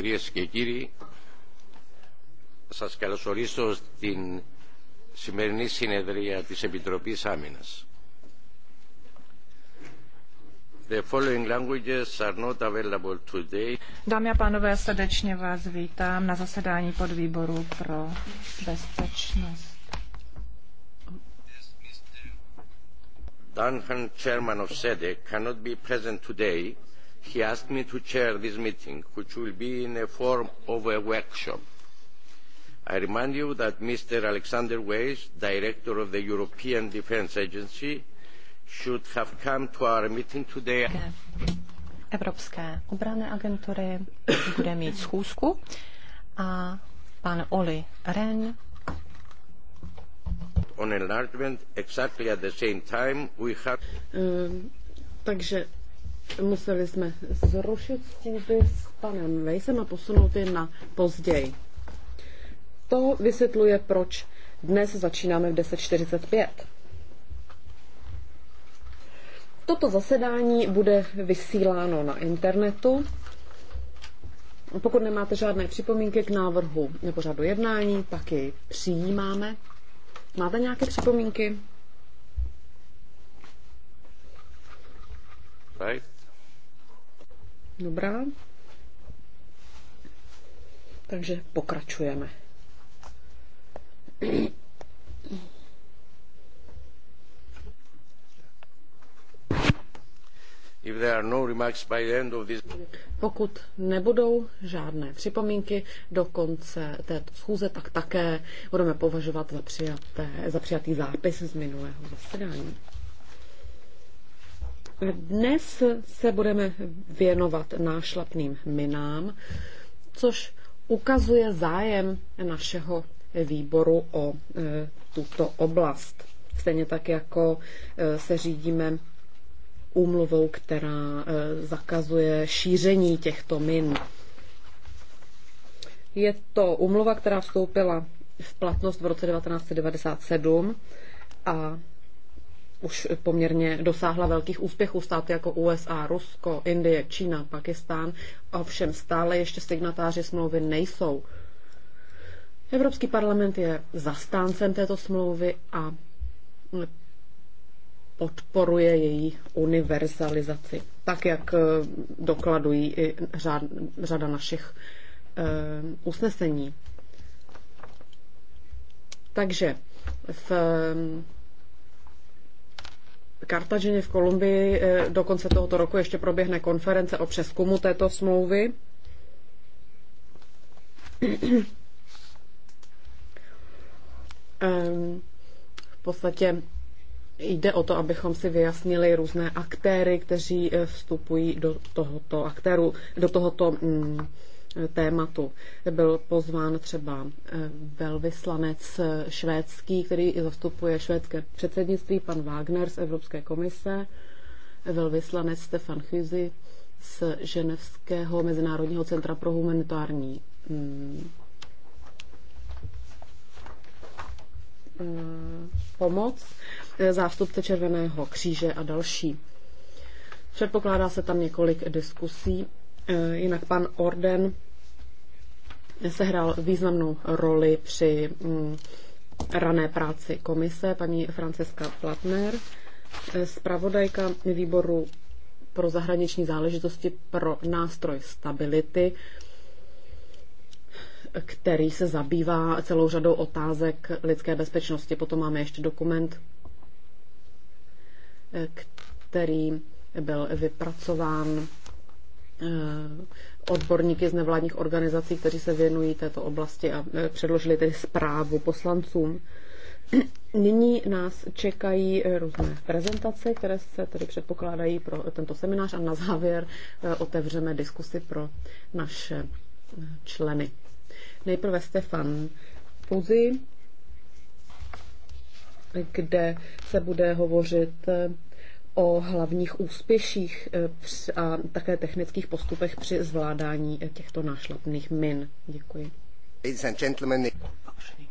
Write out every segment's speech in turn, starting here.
κυρίες και κύριοι, σας καλωσορίσω στην σημερινή συνεδρία της Επιτροπής Άμυνας. The following languages are not available today. Dámy a pánové, srdečně vás vítám na zasedání podvýboru pro bezpečnost. Dunham, chairman of SEDEC, cannot be present today He asked me to chair this meeting, which will be in the form of a workshop. I remind you that Mr. Alexander Weiss, Director of the European Defence Agency, should have come to our meeting today. Evropské obrané agentury bude mít schůzku a pan Oli Ren on enlargement exactly at the same time we have... uh, takže museli jsme zrušit schůzi s panem Vejsem a posunout je na později. To vysvětluje, proč dnes začínáme v 10.45. Toto zasedání bude vysíláno na internetu. Pokud nemáte žádné připomínky k návrhu nebo řadu jednání, pak ji přijímáme. Máte nějaké připomínky? Right. Dobrá. Takže pokračujeme. If there are no remarks by the end of this... Pokud nebudou žádné připomínky do konce této schůze, tak také budeme považovat za, přijaté, za přijatý zápis z minulého zasedání. Dnes se budeme věnovat nášlapným minám, což ukazuje zájem našeho výboru o e, tuto oblast. Stejně tak, jako e, se řídíme úmluvou, která e, zakazuje šíření těchto min. Je to úmluva, která vstoupila v platnost v roce 1997 a už poměrně dosáhla velkých úspěchů státy jako USA, Rusko, Indie, Čína, Pakistán, ovšem stále ještě signatáři smlouvy nejsou. Evropský parlament je zastáncem této smlouvy a podporuje její univerzalizaci, tak jak eh, dokladují i řad, řada našich e, usnesení. Takže v Kartaženě v Kolumbii eh, do konce tohoto roku ještě proběhne konference o přeskumu této smlouvy. Ehm, v podstatě jde o to, abychom si vyjasnili různé aktéry, kteří eh, vstupují do tohoto aktéru, do tohoto mm, tématu. Byl pozván třeba eh, velvyslanec eh, švédský, který zastupuje švédské předsednictví, pan Wagner z Evropské komise, velvyslanec Stefan Chyzy z Ženevského mezinárodního centra pro humanitární mm, eh, pomoc, zástupce Červeného kříže a další. Předpokládá se tam několik diskusí E, jinak pan Orden sehrál významnou roli při mm, rané práci komise, paní Franceska Platner, e, zpravodajka výboru pro zahraniční záležitosti pro nástroj stability, který se zabývá celou řadou otázek lidské bezpečnosti. Potom máme ještě dokument, e, který byl vypracován Eh, odborníky z nevládních organizací, kteří se věnují této oblasti a eh, předložili tedy zprávu poslancům. Nyní nás čekají eh, různé prezentace, které se tedy předpokládají pro tento seminář a na závěr otevřeme diskusy pro naše členy. Nejprve Stefan Puzi, kde se bude hovořit o hlavních úspěších eh, a také technických postupech při zvládání eh, těchto nášlapných min. Děkuji. Ladies and gentlemen. Vážení,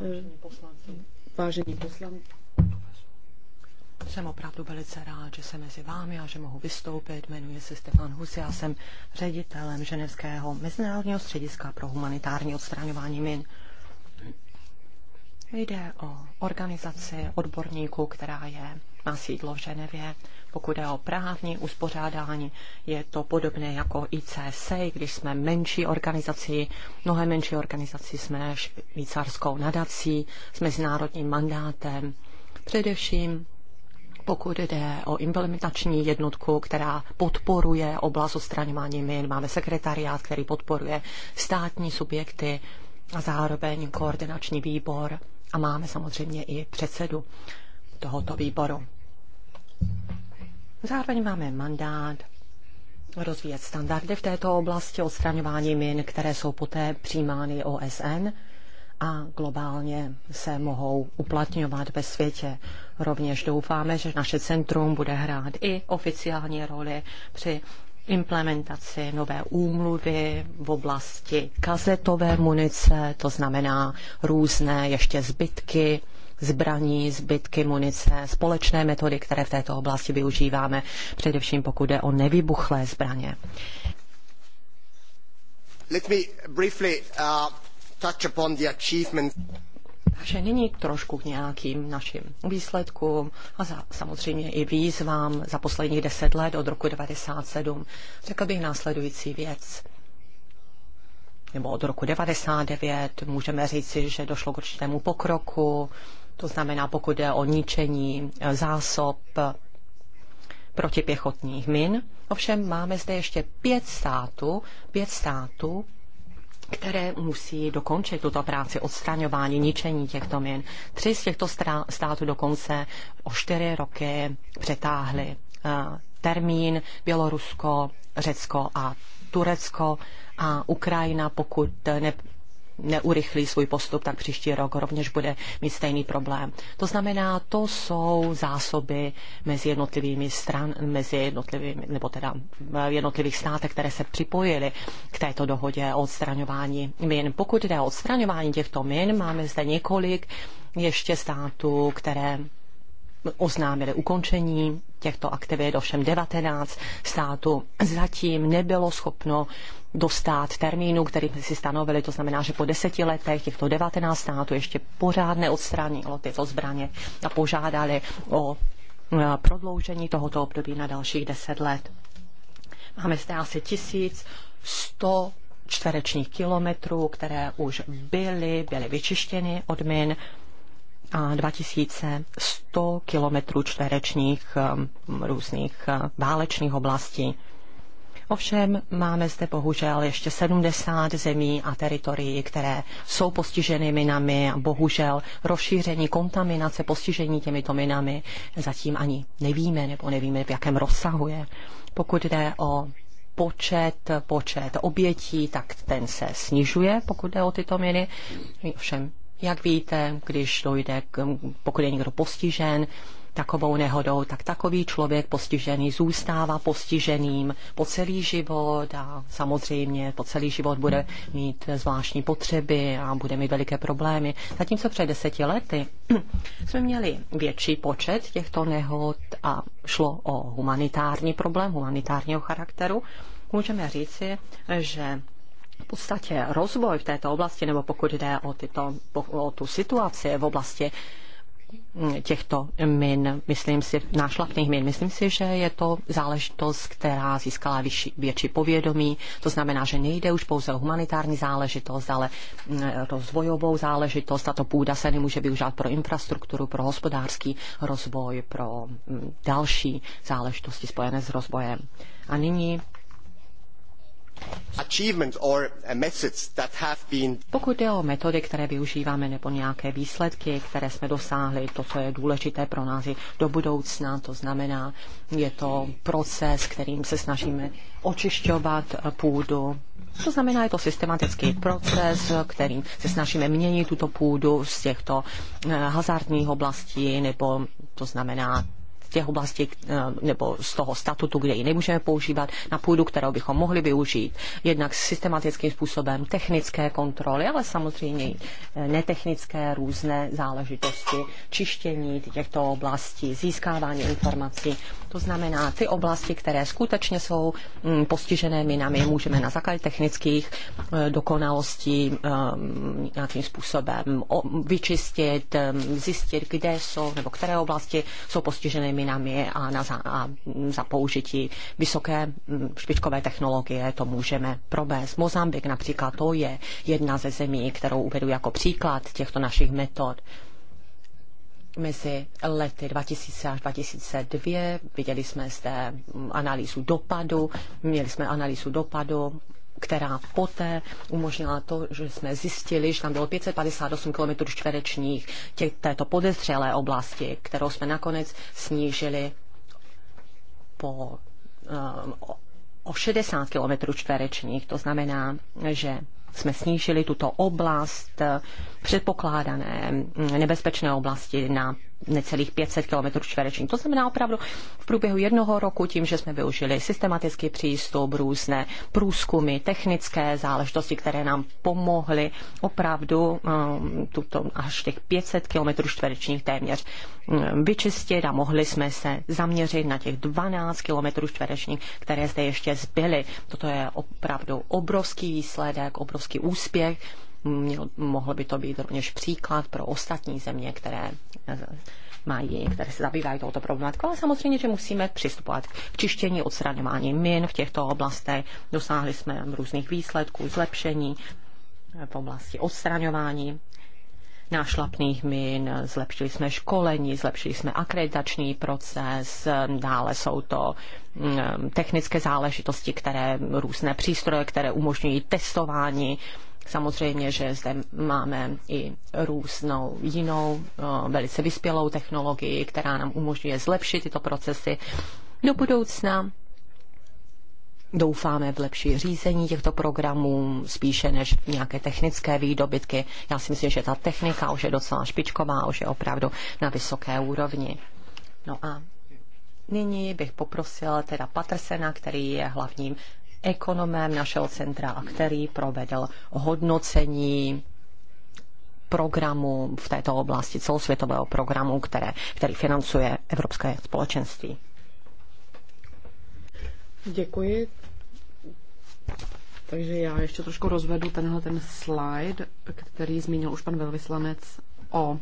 vážení eh, poslanci. Vážení poslanci. Jsem opravdu velice rád, že jsem mezi vámi a že mohu vystoupit. Jmenuji se Stefan Hus, já jsem ředitelem Ženevského mezinárodního střediska pro humanitární odstraňování min. Jde o organizaci odborníků, která je má sídlo v Ženevě. Pokud je o právní uspořádání, je to podobné jako ICC, když jsme menší organizací, mnohem menší organizací jsme švýcarskou nadací, jsme s národním mandátem. Především pokud jde o implementační jednotku, která podporuje oblast odstraňování min, máme sekretariát, který podporuje státní subjekty a zároveň koordinační výbor a máme samozřejmě i předsedu tohoto výboru. Zároveň máme mandát rozvíjet standardy v této oblasti odstraňování min, které jsou poté přijímány OSN a globálně se mohou uplatňovat ve světě. Rovněž doufáme, že naše centrum bude hrát i oficiální roli při implementaci nové úmluvy v oblasti kazetové munice, to znamená různé ještě zbytky zbraní, zbytky munice, společné metody, které v této oblasti využíváme, především pokud jde o nevybuchlé zbraně. Let me briefly, uh, touch upon the achievement. Takže nyní trošku k nějakým našim výsledkům a za, samozřejmě i výzvám za posledních deset let od roku 1997. Řekl bych následující věc nebo od roku 99, můžeme říci, že došlo k určitému pokroku, to znamená pokud jde o ničení e, zásob e, protipěchotních min. Ovšem máme zde ještě pět států, pět států, které musí dokončit tuto práci odstraňování, ničení těchto min. Tři z těchto států dokonce o čtyři roky přetáhly e, termín Bělorusko, Řecko a Turecko a Ukrajina, pokud ne, neurychlí svůj postup, tak příští rok rovněž bude mít stejný problém. To znamená, to jsou zásoby mezi jednotlivými stran, mezi jednotlivými, nebo teda eh, jednotlivých státech, které se připojily k této dohodě o odstraňování min. Pokud jde o odstraňování těchto min, máme zde několik ještě států, které oznámili ukončení těchto aktivit, ovšem 19 států zatím nebylo schopno dostat termínu, který jsme si stanovili, to znamená, že po deseti letech těchto 19 států ještě pořád neodstranilo tyto zbraně a požádali o eh, prodloužení tohoto období na dalších deset let. Máme zde asi 1100 čtverečních kilometrů, které už byly, byly vyčištěny od min a 2100 kilometrů čtverečních um, různých uh, válečných oblastí. Ovšem máme zde bohužel ještě 70 zemí a teritorií, které jsou postiženy minami a bohužel rozšíření kontaminace, postižení těmito minami zatím ani nevíme nebo nevíme, v jakém rozsahu je. Pokud jde o počet, počet obětí, tak ten se snižuje, pokud jde o tyto miny. Ovšem jak víte, když dojde, k, pokud je někdo postižen takovou nehodou, tak takový člověk postižený zůstává postiženým po celý život a samozřejmě po celý život bude mít zvláštní potřeby a bude mít veliké problémy. Zatímco před deseti lety jsme měli větší počet těchto nehod a šlo o humanitární problém, humanitárního charakteru, můžeme říci, že v podstatě rozvoj v této oblasti, nebo pokud jde o, tyto, o tu situaci v oblasti mm, těchto min, myslím si, nášlapných min. Myslím si, že je to záležitost, která získala vyšší, větší povědomí. To znamená, že nejde už pouze o humanitární záležitost, ale mm, rozvojovou záležitost. Tato půda se nemůže využít pro infrastrukturu, pro hospodářský rozvoj, pro mm, další záležitosti spojené s rozvojem. A nyní Uh, Pokud jde o metody, které využíváme, nebo nějaké výsledky, které jsme dosáhli, to, co je důležité pro nás je do budoucna, to znamená, je to proces, kterým se snažíme očišťovat uh, půdu. To znamená, je to systematický proces, kterým se snažíme měnit tuto půdu z těchto uh, hazardních oblastí, nebo to znamená těch oblastí eh, nebo z toho statutu, kde ji nemůžeme používat, na půdu, kterou bychom mohli využít. Jednak systematickým způsobem technické kontroly, ale samozřejmě i eh, netechnické různé záležitosti, čištění těchto oblastí, získávání informací. To znamená, ty oblasti, které skutečně jsou mm, postižené minami, můžeme na základě technických eh, dokonalostí ehm, nějakým způsobem vyčistit, ehm, zjistit, kde jsou nebo které oblasti jsou postižené minami minami a, na, a za použití vysoké mm, špičkové technologie to můžeme provést. Mozambik například to je jedna ze zemí, kterou uvedu jako příklad těchto našich metod mezi lety 2000 až 2002. Viděli jsme zde analýzu dopadu, měli jsme analýzu dopadu která poté umožnila to, že jsme zjistili, že tam bylo 558 km čtverečních této podezřelé oblasti, kterou jsme nakonec snížili po, eh, o 60 km čtverečních. To znamená, že jsme snížili tuto oblast předpokládané mm, nebezpečné oblasti na necelých 500 km čtverečních. To znamená opravdu v průběhu jednoho roku tím, že jsme využili systematický přístup, různé průzkumy, technické záležitosti, které nám pomohly opravdu um, tuto až těch 500 km čtverečních téměř mm, vyčistit a mohli jsme se zaměřit na těch 12 km čtverečních, které zde ještě zbyly. Toto je opravdu obrovský výsledek, obrovský úspěch Měl, mohl by to být rovněž příklad pro ostatní země, které eh, mají, které se zabývají touto problematikou, ale samozřejmě, že musíme přistupovat k čištění, odstraňování min v těchto oblastech. Dosáhli jsme různých výsledků, zlepšení eh, v oblasti odstraňování nášlapných min, zlepšili jsme školení, zlepšili jsme akreditační proces, dále jsou to mm, eh, technické záležitosti, které různé přístroje, které umožňují testování Samozřejmě, že zde máme i různou jinou, eh, velice vyspělou technologii, která nám umožňuje zlepšit tyto procesy do budoucna. Doufáme v lepší řízení těchto programů, spíše než nějaké technické výdobytky. Já si myslím, že ta technika už je docela špičková, už je opravdu na vysoké úrovni. No a nyní bych poprosil teda Patersena, který je hlavním ekonomem našeho centra, který provedl hodnocení programu v této oblasti, celosvětového programu, které, který financuje Evropské společenství. Děkuji. Takže já ještě trošku rozvedu tenhle ten slide, který zmínil už pan velvyslanec o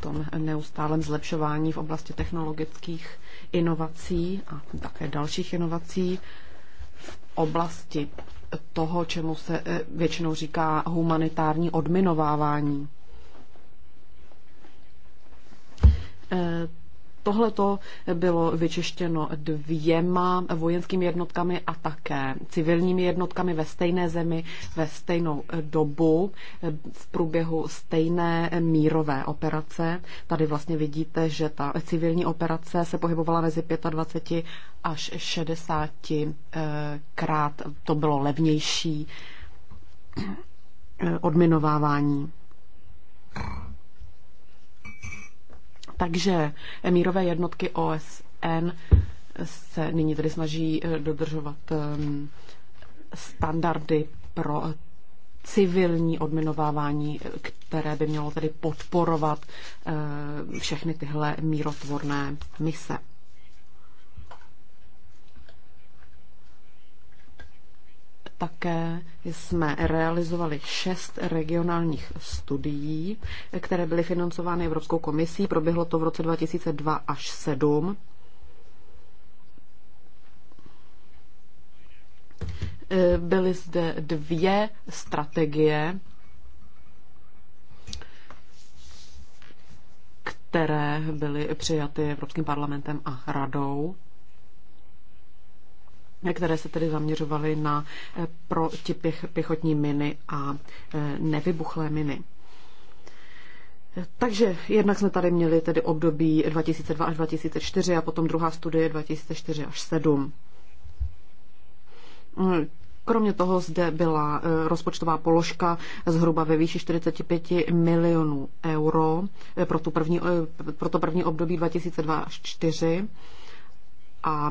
tom neustálém zlepšování v oblasti technologických inovací a také dalších inovací oblasti toho, čemu se eh, většinou říká humanitární odminovávání. Eh, Tohle to bylo vyčištěno dvěma vojenskými jednotkami a také civilními jednotkami ve stejné zemi ve stejnou dobu v průběhu stejné mírové operace. Tady vlastně vidíte, že ta civilní operace se pohybovala mezi 25 až 60 eh, krát. To bylo levnější eh, odminovávání. Takže mírové jednotky OSN se nyní tedy snaží eh, dodržovat ehm, standardy pro eh, civilní odminovávání, které by mělo tedy podporovat eh, všechny tyhle mírotvorné mise. Také jsme realizovali šest regionálních studií, které byly financovány Evropskou komisí. Proběhlo to v roce 2002 až 2007. Byly zde dvě strategie, které byly přijaty Evropským parlamentem a radou které se tedy zaměřovaly na eh, protipěchotní miny a eh, nevybuchlé miny. Takže jednak jsme tady měli tedy období 2002 až 2004 a potom druhá studie 2004 až 7. Mm, kromě toho zde byla eh, rozpočtová položka zhruba ve výši 45 milionů euro pro, tu první, pro to první období 2002 až 2004 a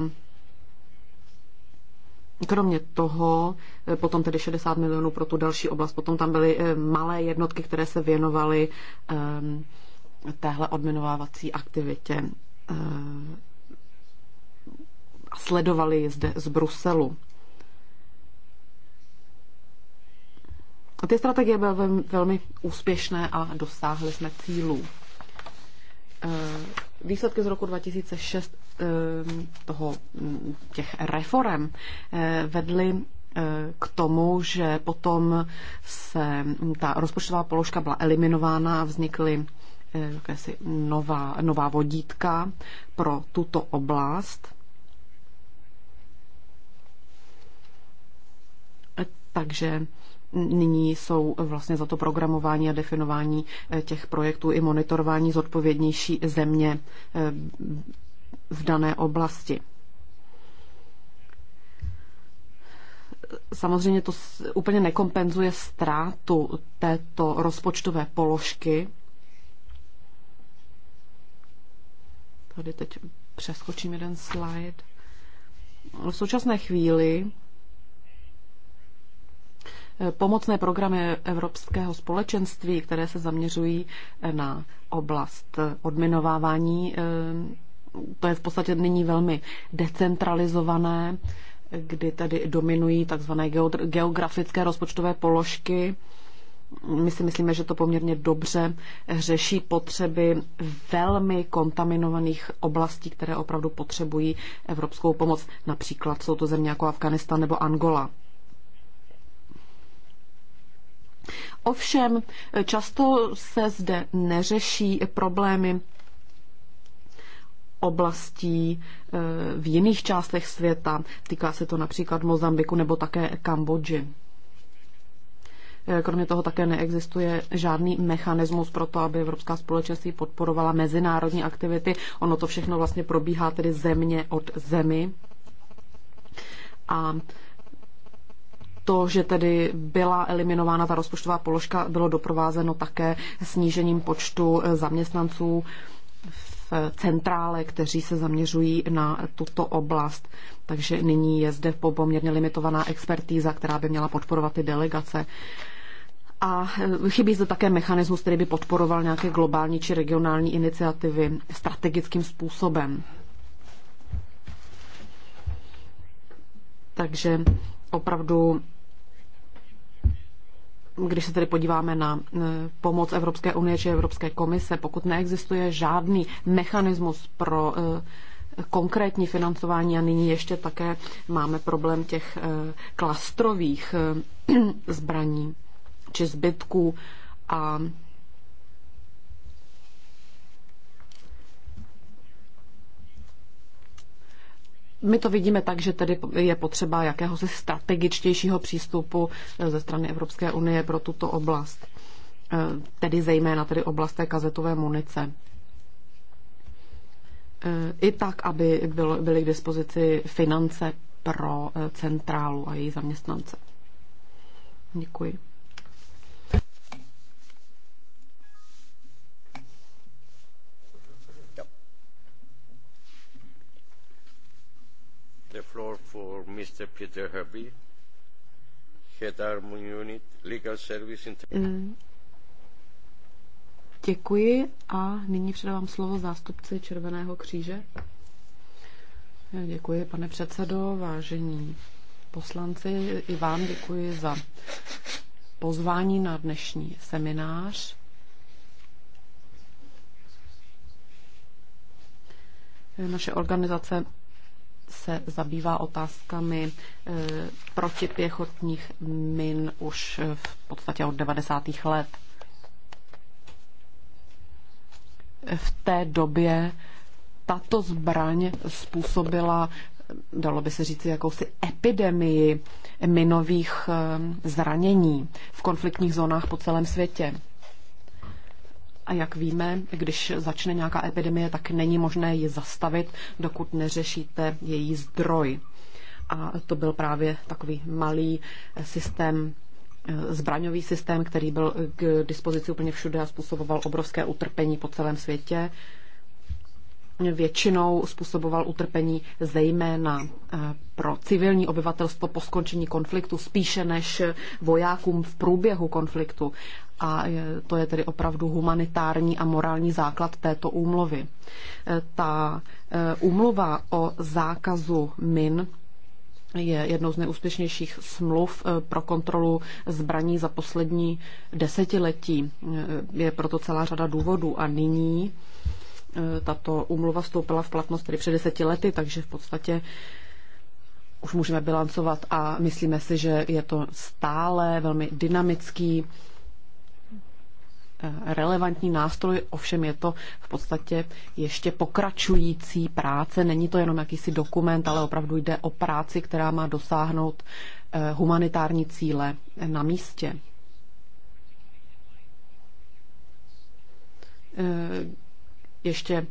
Kromě toho, eh, potom tedy 60 milionů pro tu další oblast, potom tam byly eh, malé jednotky, které se věnovaly um, téhle odminovávací aktivitě. Um, sledovali ji zde z Bruselu. ty strategie byly velmi úspěšné a dosáhli jsme cílů. Ehm, výsledky z roku 2006 ehm, toho, mm, těch reform eh, vedly eh, k tomu, že potom se mm, ta rozpočtová položka byla eliminována a vznikly eh, jakési nová, nová vodítka pro tuto oblast. Takže nyní jsou vlastně za to programování a definování eh, těch projektů i monitorování zodpovědnější země eh, v dané oblasti. Samozřejmě to úplně nekompenzuje ztrátu této rozpočtové položky. Tady teď přeskočím jeden slide. V současné chvíli pomocné programy Evropského společenství, které se zaměřují na oblast odminovávání. Eh, to je v podstatě nyní velmi decentralizované, kdy tedy dominují takzvané geografické rozpočtové položky. My si myslíme, že to poměrně dobře řeší potřeby velmi kontaminovaných oblastí, které opravdu potřebují evropskou pomoc. Například jsou to země jako Afganistan nebo Angola. Ovšem, často se zde neřeší problémy oblastí eh, v jiných částech světa. Týká se to například Mozambiku nebo také Kambodži. Eh, kromě toho také neexistuje žádný mechanismus pro to, aby Evropská společenství podporovala mezinárodní aktivity. Ono to všechno vlastně probíhá tedy země od zemi. A to, že tedy byla eliminována ta rozpočtová položka, bylo doprovázeno také snížením počtu eh, zaměstnanců v centrále, kteří se zaměřují na tuto oblast. Takže nyní je zde poměrně limitovaná expertíza, která by měla podporovat ty delegace. A eh, chybí zde také mechanismus, který by podporoval nějaké globální či regionální iniciativy strategickým způsobem. Takže opravdu když se tedy podíváme na e, pomoc Evropské unie či Evropské komise, pokud neexistuje žádný mechanismus pro e, konkrétní financování a nyní ještě také máme problém těch e, klastrových zbraní či zbytků a my to vidíme tak, že tedy je potřeba jakéhosi strategičtějšího přístupu eh, ze strany Evropské unie pro tuto oblast, eh, tedy zejména tedy oblast té kazetové munice. Eh, I tak, aby byly k dispozici finance pro centrálu a její zaměstnance. Děkuji. Mr. Peter Herbie, Head Unit, Legal Service eh, Děkuji a nyní předávám slovo zástupci Červeného kříže. Eh, děkuji, pane předsedo, vážení poslanci. I vám děkuji za pozvání na dnešní seminář. Eh, naše organizace se zabývá otázkami eh, protipěchotních min už eh, v podstatě od 90. let. V té době tato zbraň způsobila, eh, dalo by se říct, jakousi epidemii minových zranění v konfliktních zónách po celém světě. A jak víme, když začne nějaká epidemie, tak není možné ji zastavit, dokud neřešíte její zdroj. A to byl právě takový malý eh, systém eh, zbraňový systém, který byl eh, k dispozici úplně všude a způsoboval obrovské utrpení po celém světě. Většinou způsoboval utrpení zejména pro civilní obyvatelstvo po skončení konfliktu, spíše než vojákům v průběhu konfliktu a to je tedy opravdu humanitární a morální základ této úmluvy. E, ta e, úmluva o zákazu min je jednou z nejúspěšnějších smluv e, pro kontrolu zbraní za poslední desetiletí. Je proto celá řada důvodů a nyní tato úmluva vstoupila v platnost tedy před deseti lety, takže v podstatě už můžeme bilancovat a myslíme si, že je to stále velmi dynamický relevantní nástroj, ovšem je to v podstatě ještě pokračující práce. Není to jenom jakýsi dokument, ale opravdu jde o práci, která má dosáhnout eh, humanitární cíle na místě. Eh, ještě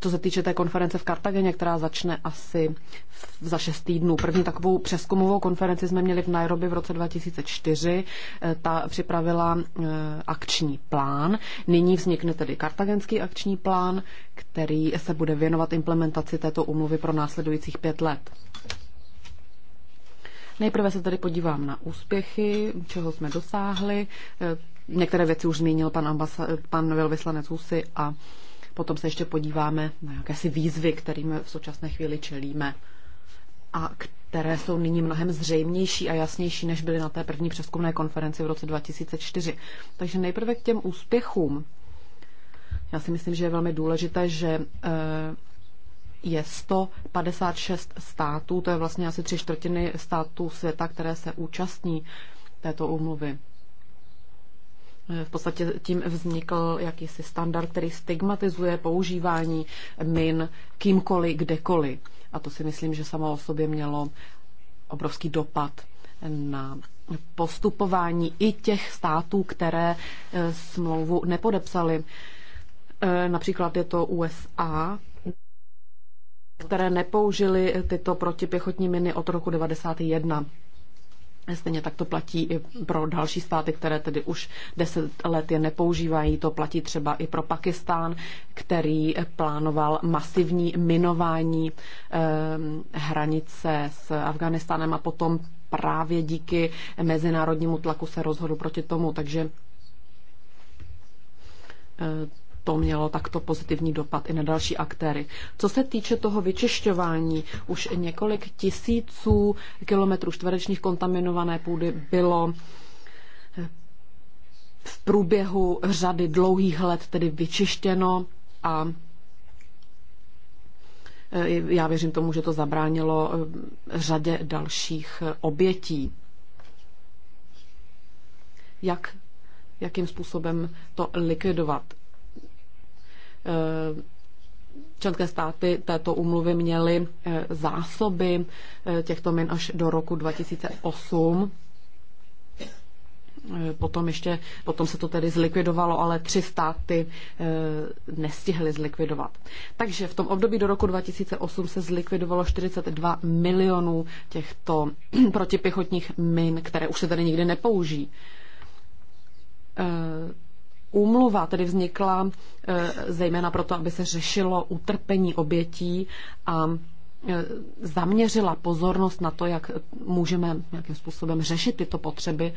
co se týče té konference v Kartageně, která začne asi za šest týdnů. První takovou přeskumovou konferenci jsme měli v Nairobi v roce 2004. Eh, ta připravila eh, akční plán. Nyní vznikne tedy kartagenský akční plán, který se bude věnovat implementaci této umluvy pro následujících pět let. Nejprve se tady podívám na úspěchy, čeho jsme dosáhli. Eh, některé věci už zmínil pan, ambasa- pan velvyslanec Husy a potom se ještě podíváme na jakési výzvy, kterým v současné chvíli čelíme a které jsou nyní mnohem zřejmější a jasnější, než byly na té první přeskumné konferenci v roce 2004. Takže nejprve k těm úspěchům. Já si myslím, že je velmi důležité, že eh, je 156 států, to je vlastně asi tři čtvrtiny států světa, které se účastní této úmluvy. V podstatě tím vznikl jakýsi standard, který stigmatizuje používání min kýmkoliv, kdekoliv. A to si myslím, že samo o sobě mělo obrovský dopad na postupování i těch států, které e, smlouvu nepodepsali. E, například je to USA, které nepoužili tyto protipěchotní miny od roku 1991. Stejně tak to platí i pro další státy, které tedy už deset let je nepoužívají. To platí třeba i pro Pakistán, který plánoval masivní minování ehm, hranice s Afganistánem a potom právě díky mezinárodnímu tlaku se rozhodl proti tomu. Takže eh, to mělo takto pozitivní dopad i na další aktéry. Co se týče toho vyčišťování, už několik tisíců kilometrů čtverečních kontaminované půdy bylo eh, v průběhu řady dlouhých let tedy vyčištěno a eh, já věřím tomu, že to zabránilo eh, řadě dalších obětí. Jak, jakým způsobem to likvidovat? Eh, členské státy této úmluvy měly eh, zásoby eh, těchto min až do roku 2008. Potom ještě, potom se to tedy zlikvidovalo, ale tři státy nestihly zlikvidovat. Takže v tom období do roku 2008 se zlikvidovalo 42 milionů těchto protipichotních min, které už se tady nikdy nepoužijí úmluva tedy vznikla eh, zejména proto, aby se řešilo utrpení obětí a eh, zaměřila pozornost na to, jak můžeme nějakým způsobem řešit tyto potřeby.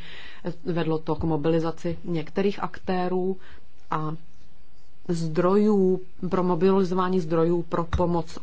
Vedlo to k mobilizaci některých aktérů a zdrojů, pro mobilizování zdrojů pro pomoc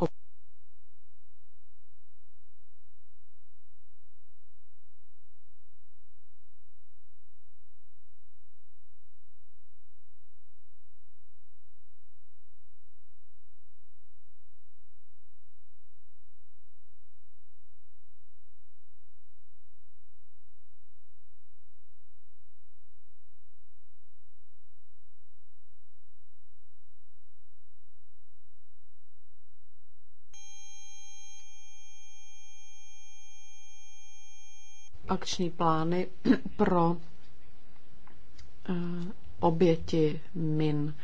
akční plány pro eh, oběti min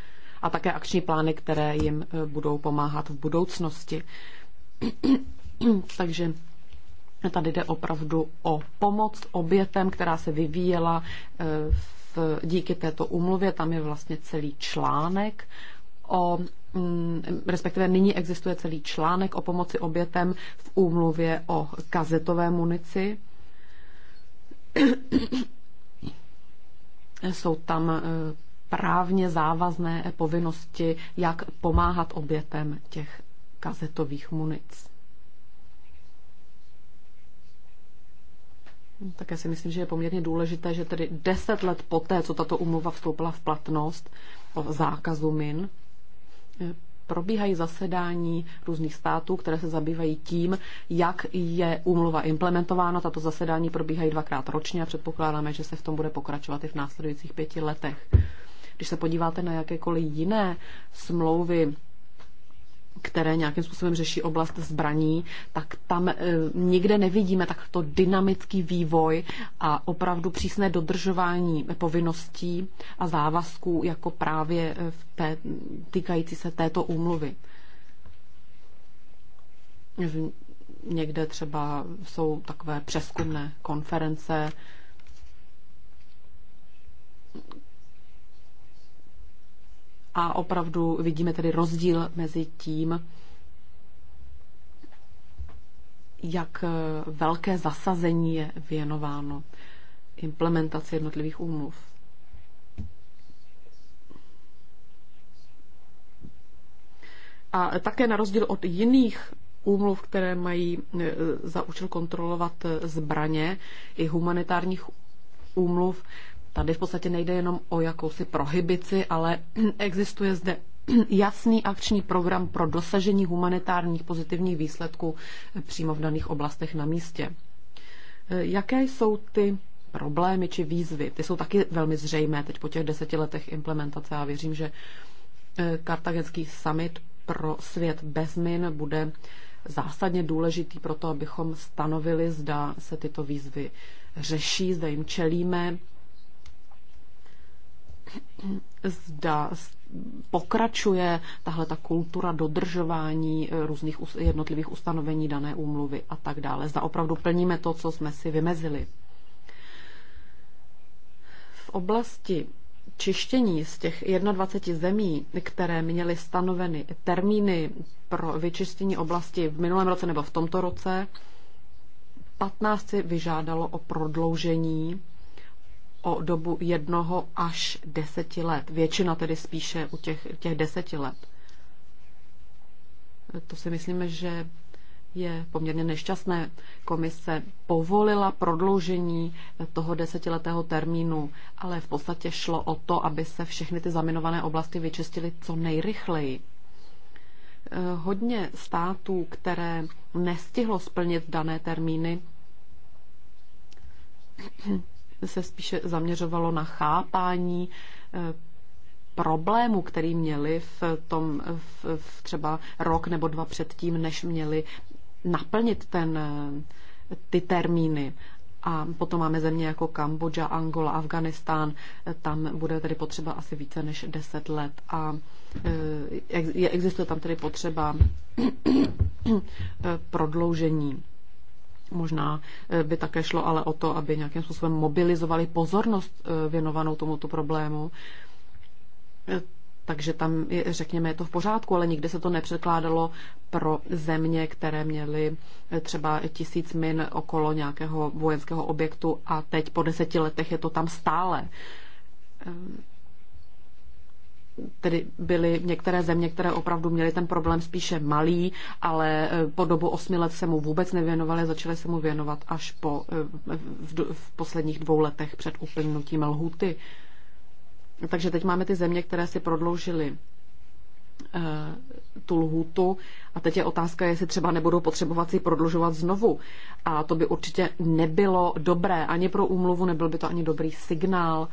a také akční plány, které jim eh, budou pomáhat v budoucnosti. Takže tady jde opravdu o pomoc obětem, která se vyvíjela eh, v, díky této umluvě. Tam je vlastně celý článek o mm, respektive nyní existuje celý článek o pomoci obětem v úmluvě o kazetové munici. Jsou tam eh, právně závazné povinnosti, jak pomáhat obětem těch kazetových munic. Také si myslím, že je poměrně důležité, že tedy deset let poté, co tato umluva vstoupila v platnost o zákazu min, eh, probíhají zasedání různých států, které se zabývají tím, jak je úmluva implementována. Tato zasedání probíhají dvakrát ročně a předpokládáme, že se v tom bude pokračovat i v následujících pěti letech. Když se podíváte na jakékoliv jiné smlouvy které nějakým způsobem řeší oblast zbraní, tak tam e, nikde nevidíme takto dynamický vývoj a opravdu přísné dodržování povinností a závazků, jako právě v té, týkající se této úmluvy. Někde třeba jsou takové přeskumné konference, a opravdu vidíme tedy rozdíl mezi tím, jak eh, velké zasazení je věnováno implementaci jednotlivých úmluv. A také na rozdíl od jiných úmluv, které mají eh, za účel kontrolovat eh, zbraně i humanitárních úmluv, Tady v podstatě nejde jenom o jakousi prohibici, ale existuje zde jasný akční program pro dosažení humanitárních pozitivních výsledků přímo v daných oblastech na místě. E, jaké jsou ty problémy či výzvy? Ty jsou taky velmi zřejmé teď po těch deseti letech implementace a věřím, že e, kartagenský summit pro svět bez min bude zásadně důležitý pro to, abychom stanovili, zda se tyto výzvy řeší, zda jim čelíme, zda pokračuje tahle ta kultura dodržování eh, různých jednotlivých ustanovení dané úmluvy a tak dále. Zda opravdu plníme to, co jsme si vymezili. V oblasti čištění z těch 21 zemí, které měly stanoveny termíny pro vyčištění oblasti v minulém roce nebo v tomto roce, 15 si vyžádalo o prodloužení o dobu jednoho až deseti let. Většina tedy spíše u těch, těch deseti let. To si myslíme, že je poměrně nešťastné. Komise povolila prodloužení toho desetiletého termínu, ale v podstatě šlo o to, aby se všechny ty zaminované oblasti vyčistily co nejrychleji. Hodně států, které nestihlo splnit dané termíny, se spíše zaměřovalo na chápání eh, problému, který měli v tom v, v třeba rok nebo dva předtím, než měli naplnit ten, eh, ty termíny. A potom máme země jako Kambodža, Angola, Afganistán. Tam bude tedy potřeba asi více než 10 let. A eh, existuje tam tedy potřeba prodloužení Možná eh, by také šlo ale o to, aby nějakým způsobem mobilizovali pozornost eh, věnovanou tomuto problému. Eh, takže tam, je, řekněme, je to v pořádku, ale nikdy se to nepřekládalo pro země, které měly třeba tisíc min okolo nějakého vojenského objektu a teď po deseti letech je to tam stále tedy byly některé země, které opravdu měly ten problém spíše malý, ale eh, po dobu osmi let se mu vůbec nevěnovaly, začaly se mu věnovat až po, eh, v, v posledních dvou letech před uplynutím lhuty. Takže teď máme ty země, které si prodloužily eh, tu lhůtu a teď je otázka, jestli třeba nebudou potřebovat si prodlužovat znovu. A to by určitě nebylo dobré ani pro úmluvu, nebyl by to ani dobrý signál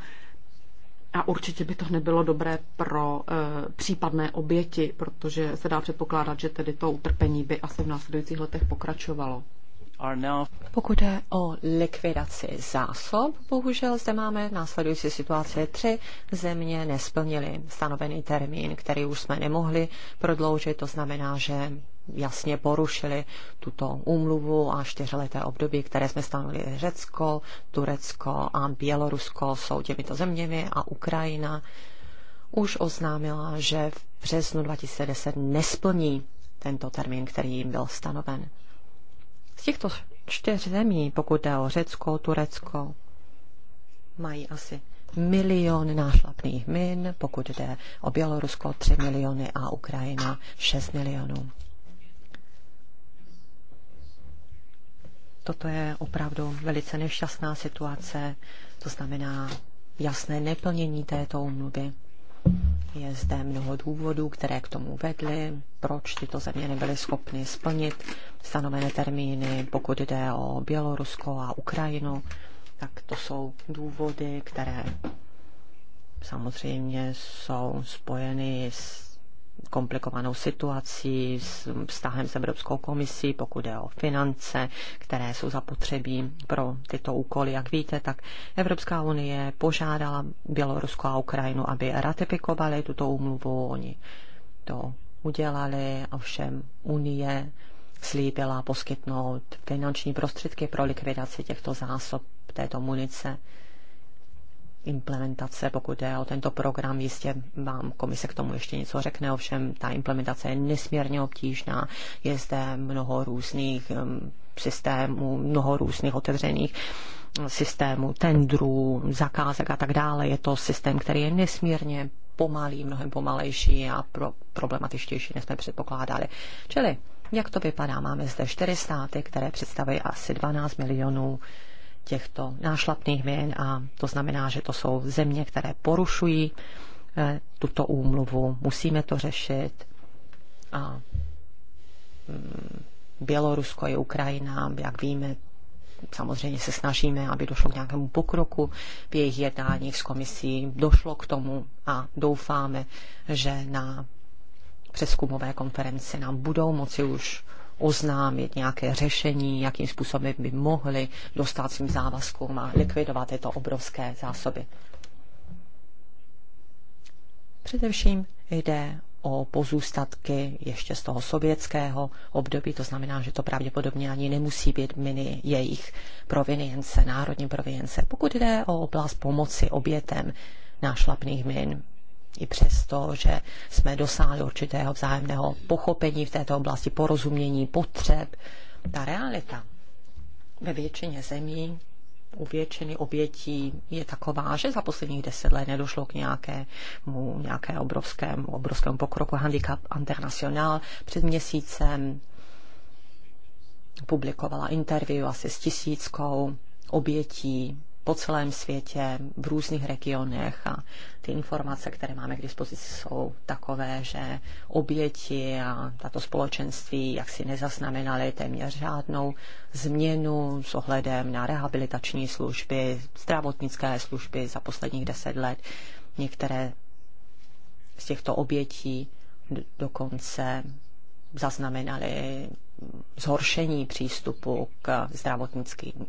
a určitě by to nebylo dobré pro e, případné oběti, protože se dá předpokládat, že tedy to utrpení by asi v následujících letech pokračovalo. Pokud je o likvidaci zásob, bohužel zde máme následující situaci. Tři země nesplnily stanovený termín, který už jsme nemohli prodloužit. To znamená, že jasně porušili tuto úmluvu a čtyřleté období, které jsme stanovili Řecko, Turecko a Bělorusko jsou těmito zeměmi a Ukrajina už oznámila, že v březnu 2010 nesplní tento termín, který jim byl stanoven. Z těchto čtyř zemí, pokud jde o Řecko, Turecko, mají asi milion nášlapných min, pokud jde o Bělorusko 3 miliony a Ukrajina 6 milionů. Toto je opravdu velice nešťastná situace, to znamená jasné neplnění této umluvy. Je zde mnoho důvodů, které k tomu vedly, proč tyto země nebyly schopny splnit stanovené termíny, pokud jde o Bělorusko a Ukrajinu, tak to jsou důvody, které samozřejmě jsou spojeny s komplikovanou situací s vztahem s Evropskou komisí, pokud je o finance, které jsou zapotřebí pro tyto úkoly. Jak víte, tak Evropská unie požádala Bělorusko a Ukrajinu, aby ratifikovali tuto úmluvu. Oni to udělali, ovšem Unie slíbila poskytnout finanční prostředky pro likvidaci těchto zásob této munice implementace, pokud je o tento program, jistě vám komise k tomu ještě něco řekne, ovšem ta implementace je nesmírně obtížná, je zde mnoho různých systémů, mnoho různých otevřených systémů, tendrů, zakázek a tak dále. Je to systém, který je nesmírně pomalý, mnohem pomalejší a pro, problematičtější, než jsme předpokládali. Čili, jak to vypadá? Máme zde čtyři státy, které představují asi 12 milionů těchto nášlapných měn a to znamená, že to jsou země, které porušují eh, tuto úmluvu. Musíme to řešit a mm, Bělorusko i Ukrajina, jak víme, samozřejmě se snažíme, aby došlo k nějakému pokroku v jejich jednáních s komisí. Došlo k tomu a doufáme, že na přeskumové konferenci nám budou moci už oznámit nějaké řešení, jakým způsobem by mohli dostat svým závazkům a likvidovat tyto obrovské zásoby. Především jde o pozůstatky ještě z toho sovětského období, to znamená, že to pravděpodobně ani nemusí být mini jejich provinience, národní provinience. Pokud jde o oblast pomoci obětem nášlapných min, i přesto, že jsme dosáhli určitého vzájemného pochopení v této oblasti, porozumění potřeb, ta realita ve většině zemí u většiny obětí je taková, že za posledních deset let nedošlo k nějakému, nějaké obrovskému, obrovskému pokroku. Handicap International před měsícem publikovala interview asi s tisíckou obětí po celém světě, v různých regionech a ty informace, které máme k dispozici, jsou takové, že oběti a tato společenství jaksi nezaznamenaly téměř žádnou změnu s ohledem na rehabilitační služby, zdravotnické služby za posledních deset let. Některé z těchto obětí dokonce zaznamenaly zhoršení přístupu k zdravotnickým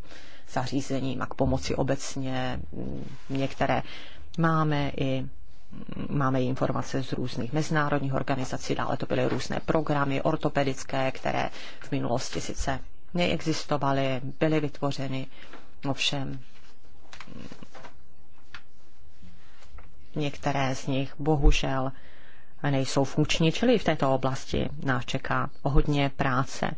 zařízením a k pomoci obecně. Některé máme i máme i informace z různých mezinárodních organizací, dále to byly různé programy ortopedické, které v minulosti sice neexistovaly, byly vytvořeny, ovšem některé z nich bohužel nejsou funkční, čili v této oblasti nás čeká hodně práce.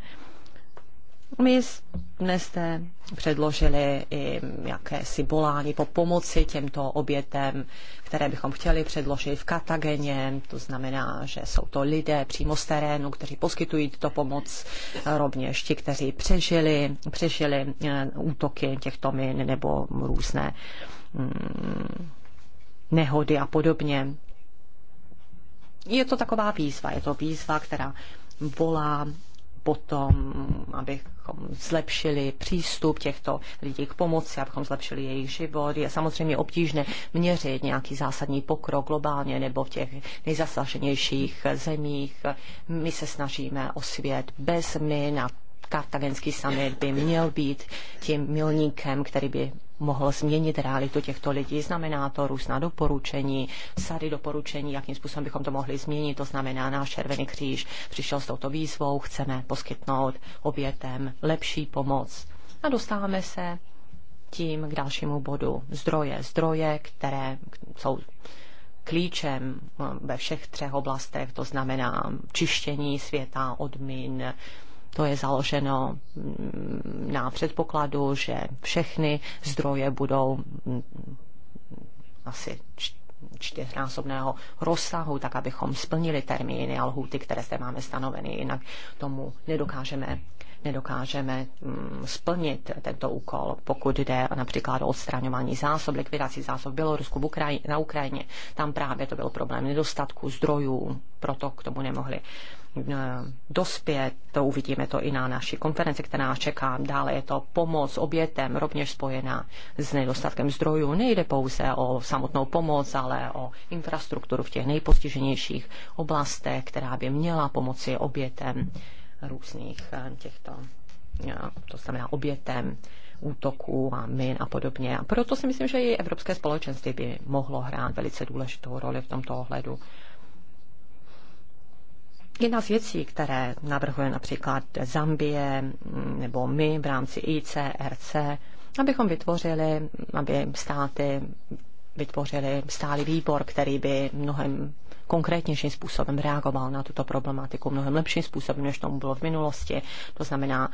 My jsme jste předložili i jakési volání po pomoci těmto obětem, které bychom chtěli předložit v Katageně. To znamená, že jsou to lidé přímo z terénu, kteří poskytují tuto pomoc, rovněž ti, kteří přežili, přežili eh, útoky těchto min nebo různé mm, nehody a podobně. Je to taková výzva, je to výzva, která volá potom, abych abychom zlepšili přístup těchto lidí k pomoci, abychom zlepšili jejich život. Je samozřejmě obtížné měřit nějaký zásadní pokrok globálně nebo v těch nejzasaženějších zemích. My se snažíme o svět bez my na kartagenský summit by měl být tím milníkem, který by mohl změnit realitu těchto lidí. Znamená to různá doporučení, sady doporučení, jakým způsobem bychom to mohli změnit. To znamená, náš Červený kříž přišel s touto výzvou, chceme poskytnout obětem lepší pomoc. A dostáváme se tím k dalšímu bodu. Zdroje, zdroje, které jsou klíčem um, ve všech třech oblastech, to znamená um, čištění světa od min, to je založeno mm, na předpokladu, že všechny zdroje budou mm, asi čtyřnásobného rozsahu, tak abychom splnili termíny a lhuty, které zde máme stanoveny, jinak tomu nedokážeme nedokážeme mm, splnit tento úkol, pokud jde například o odstraňování zásob, likvidaci zásob v Bělorusku, v Ukraji, na Ukrajině. Tam právě to byl problém nedostatku zdrojů, proto k tomu nemohli Eh, dospět. To uvidíme to i na naší konferenci, která nás čeká. Dále je to pomoc obětem, rovněž spojená s nedostatkem zdrojů. Nejde pouze o samotnou pomoc, ale o infrastrukturu v těch nejpostiženějších oblastech, která by měla pomoci obětem různých eh, těchto, eh, to znamená obětem útoků a min a podobně. A proto si myslím, že i Evropské společenství by mohlo hrát velice důležitou roli v tomto ohledu. Jedna z věcí, které navrhuje například Zambie mm, nebo my v rámci ICRC, abychom vytvořili, aby státy vytvořili stálý výbor, který by mnohem konkrétnějším způsobem reagoval na tuto problematiku, mnohem lepším způsobem, než tomu bylo v minulosti. To znamená,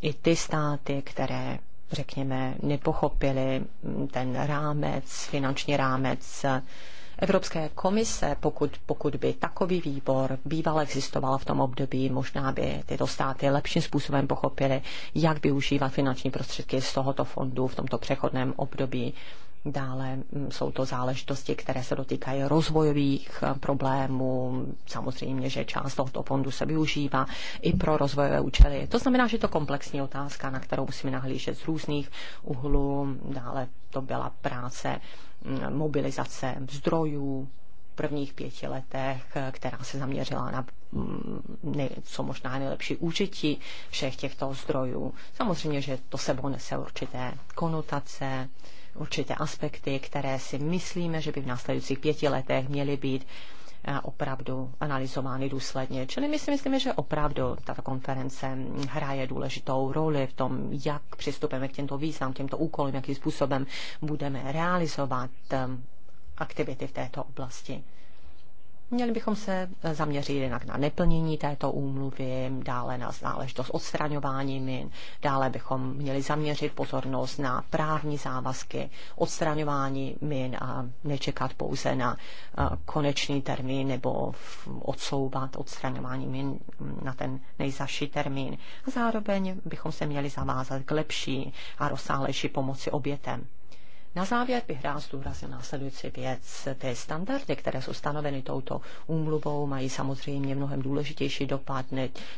i ty státy, které řekněme, nepochopili ten rámec, finanční rámec Evropské komise, pokud, pokud by takový výbor býval existoval v tom období, možná by tyto státy lepším způsobem pochopily, jak využívat finanční prostředky z tohoto fondu v tomto přechodném období. Dále mm, jsou to záležitosti, které se dotýkají rozvojových eh, problémů. Samozřejmě, že část tohoto fondu se využívá i pro rozvojové účely. To znamená, že je to komplexní otázka, na kterou musíme nahlížet z různých uhlů. Dále to byla práce mobilizace zdrojů v prvních pěti letech, která se zaměřila na mm, co možná nejlepší účetí všech těchto zdrojů. Samozřejmě, že to sebou nese určité konotace, určité aspekty, které si myslíme, že by v následujících pěti letech měly být opravdu analyzovány důsledně. Čili my si myslíme, že opravdu tato konference hraje důležitou roli v tom, jak přistupujeme k těmto význam, k těmto úkolům, jakým způsobem budeme realizovat um, aktivity v této oblasti. Měli bychom se zaměřit jinak na neplnění této úmluvy, dále na záležitost odstraňování min, dále bychom měli zaměřit pozornost na právní závazky, odstraňování min a nečekat pouze na eh, konečný termín nebo odsouvat odstraňování min na ten nejzaší termín. A zároveň bychom se měli zavázat k lepší a rozsáhlejší pomoci obětem. Na závěr bych rád zdůraznil následující věc. Ty standardy, které jsou stanoveny touto úmluvou, mají samozřejmě mnohem důležitější dopad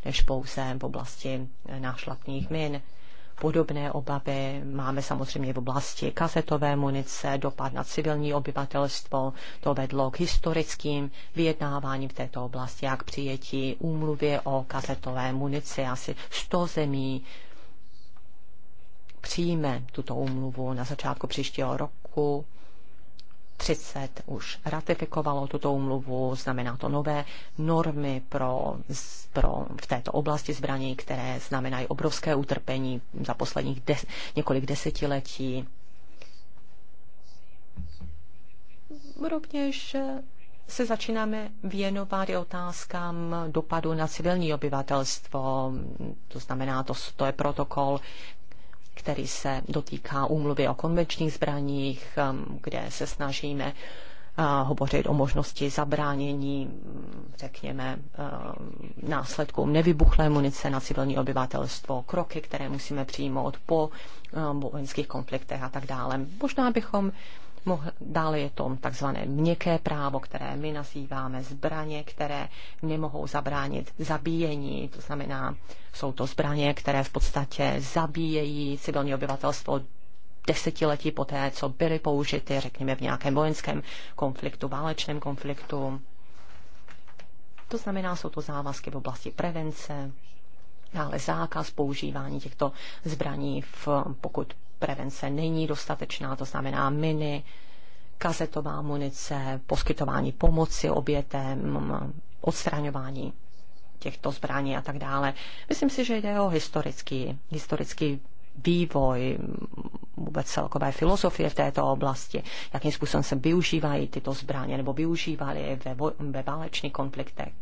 než pouze v oblasti eh, nášlapných min. Podobné obavy máme samozřejmě v oblasti kazetové munice, dopad na civilní obyvatelstvo. To vedlo k historickým vyjednáváním v této oblasti, jak přijetí úmluvy o kazetové munici. Asi 100 zemí přijme tuto úmluvu na začátku příštího roku. 30 už ratifikovalo tuto úmluvu, znamená to nové normy pro, pro v této oblasti zbraní, které znamenají obrovské utrpení za posledních des, několik desetiletí. Rovněž se začínáme věnovat i otázkám dopadu na civilní obyvatelstvo. To znamená, to, to je protokol, který se dotýká úmluvy o konvenčních zbraních, um, kde se snažíme uh, hovořit o možnosti zabránění, řekněme, uh, následkům nevybuchlé munice na civilní obyvatelstvo, kroky, které musíme přijmout po um, vojenských konfliktech a tak dále. Možná bychom Dále je to takzvané měkké právo, které my nazýváme zbraně, které nemohou zabránit zabíjení. To znamená, jsou to zbraně, které v podstatě zabíjejí civilní obyvatelstvo desetiletí poté, co byly použity, řekněme, v nějakém vojenském konfliktu, válečném konfliktu. To znamená, jsou to závazky v oblasti prevence, ale zákaz používání těchto zbraní, v, pokud prevence není dostatečná, to znamená miny, kazetová munice, poskytování pomoci obětem, odstraňování těchto zbraní a tak dále. Myslím si, že jde o historický, historický vývoj vůbec celkové filozofie v této oblasti, jakým způsobem se využívají tyto zbraně nebo využívali ve, ve válečných konfliktech.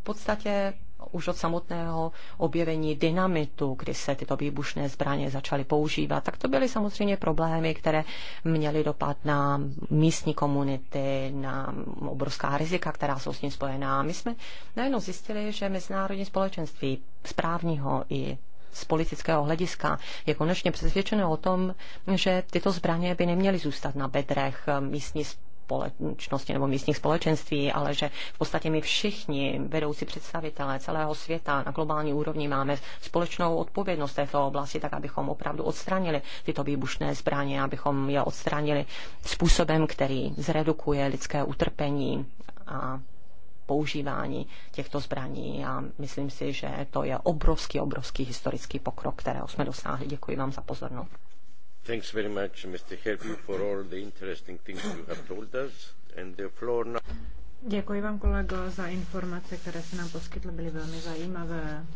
V podstatě už od samotného objevení dynamitu, kdy se tyto výbušné zbraně začaly používat, tak to byly samozřejmě problémy, které měly dopad na místní komunity, na obrovská rizika, která jsou s tím spojená. My jsme najednou zjistili, že mezinárodní společenství správního i z politického hlediska je konečně přesvědčeno o tom, že tyto zbraně by neměly zůstat na bedrech místní společenství společnosti nebo místních společenství, ale že v podstatě my všichni, vedoucí představitelé celého světa na globální úrovni, máme společnou odpovědnost této oblasti, tak abychom opravdu odstranili tyto výbušné zbraně, abychom je odstranili způsobem, který zredukuje lidské utrpení a používání těchto zbraní a myslím si, že to je obrovský, obrovský historický pokrok, kterého jsme dosáhli. Děkuji vám za pozornost. Thanks very much, Mr. Herbu, for all the interesting things you have told us. And the floor now... Děkuji vám, kolego, za informace, které se nám poskytly, byly velmi zajímavé.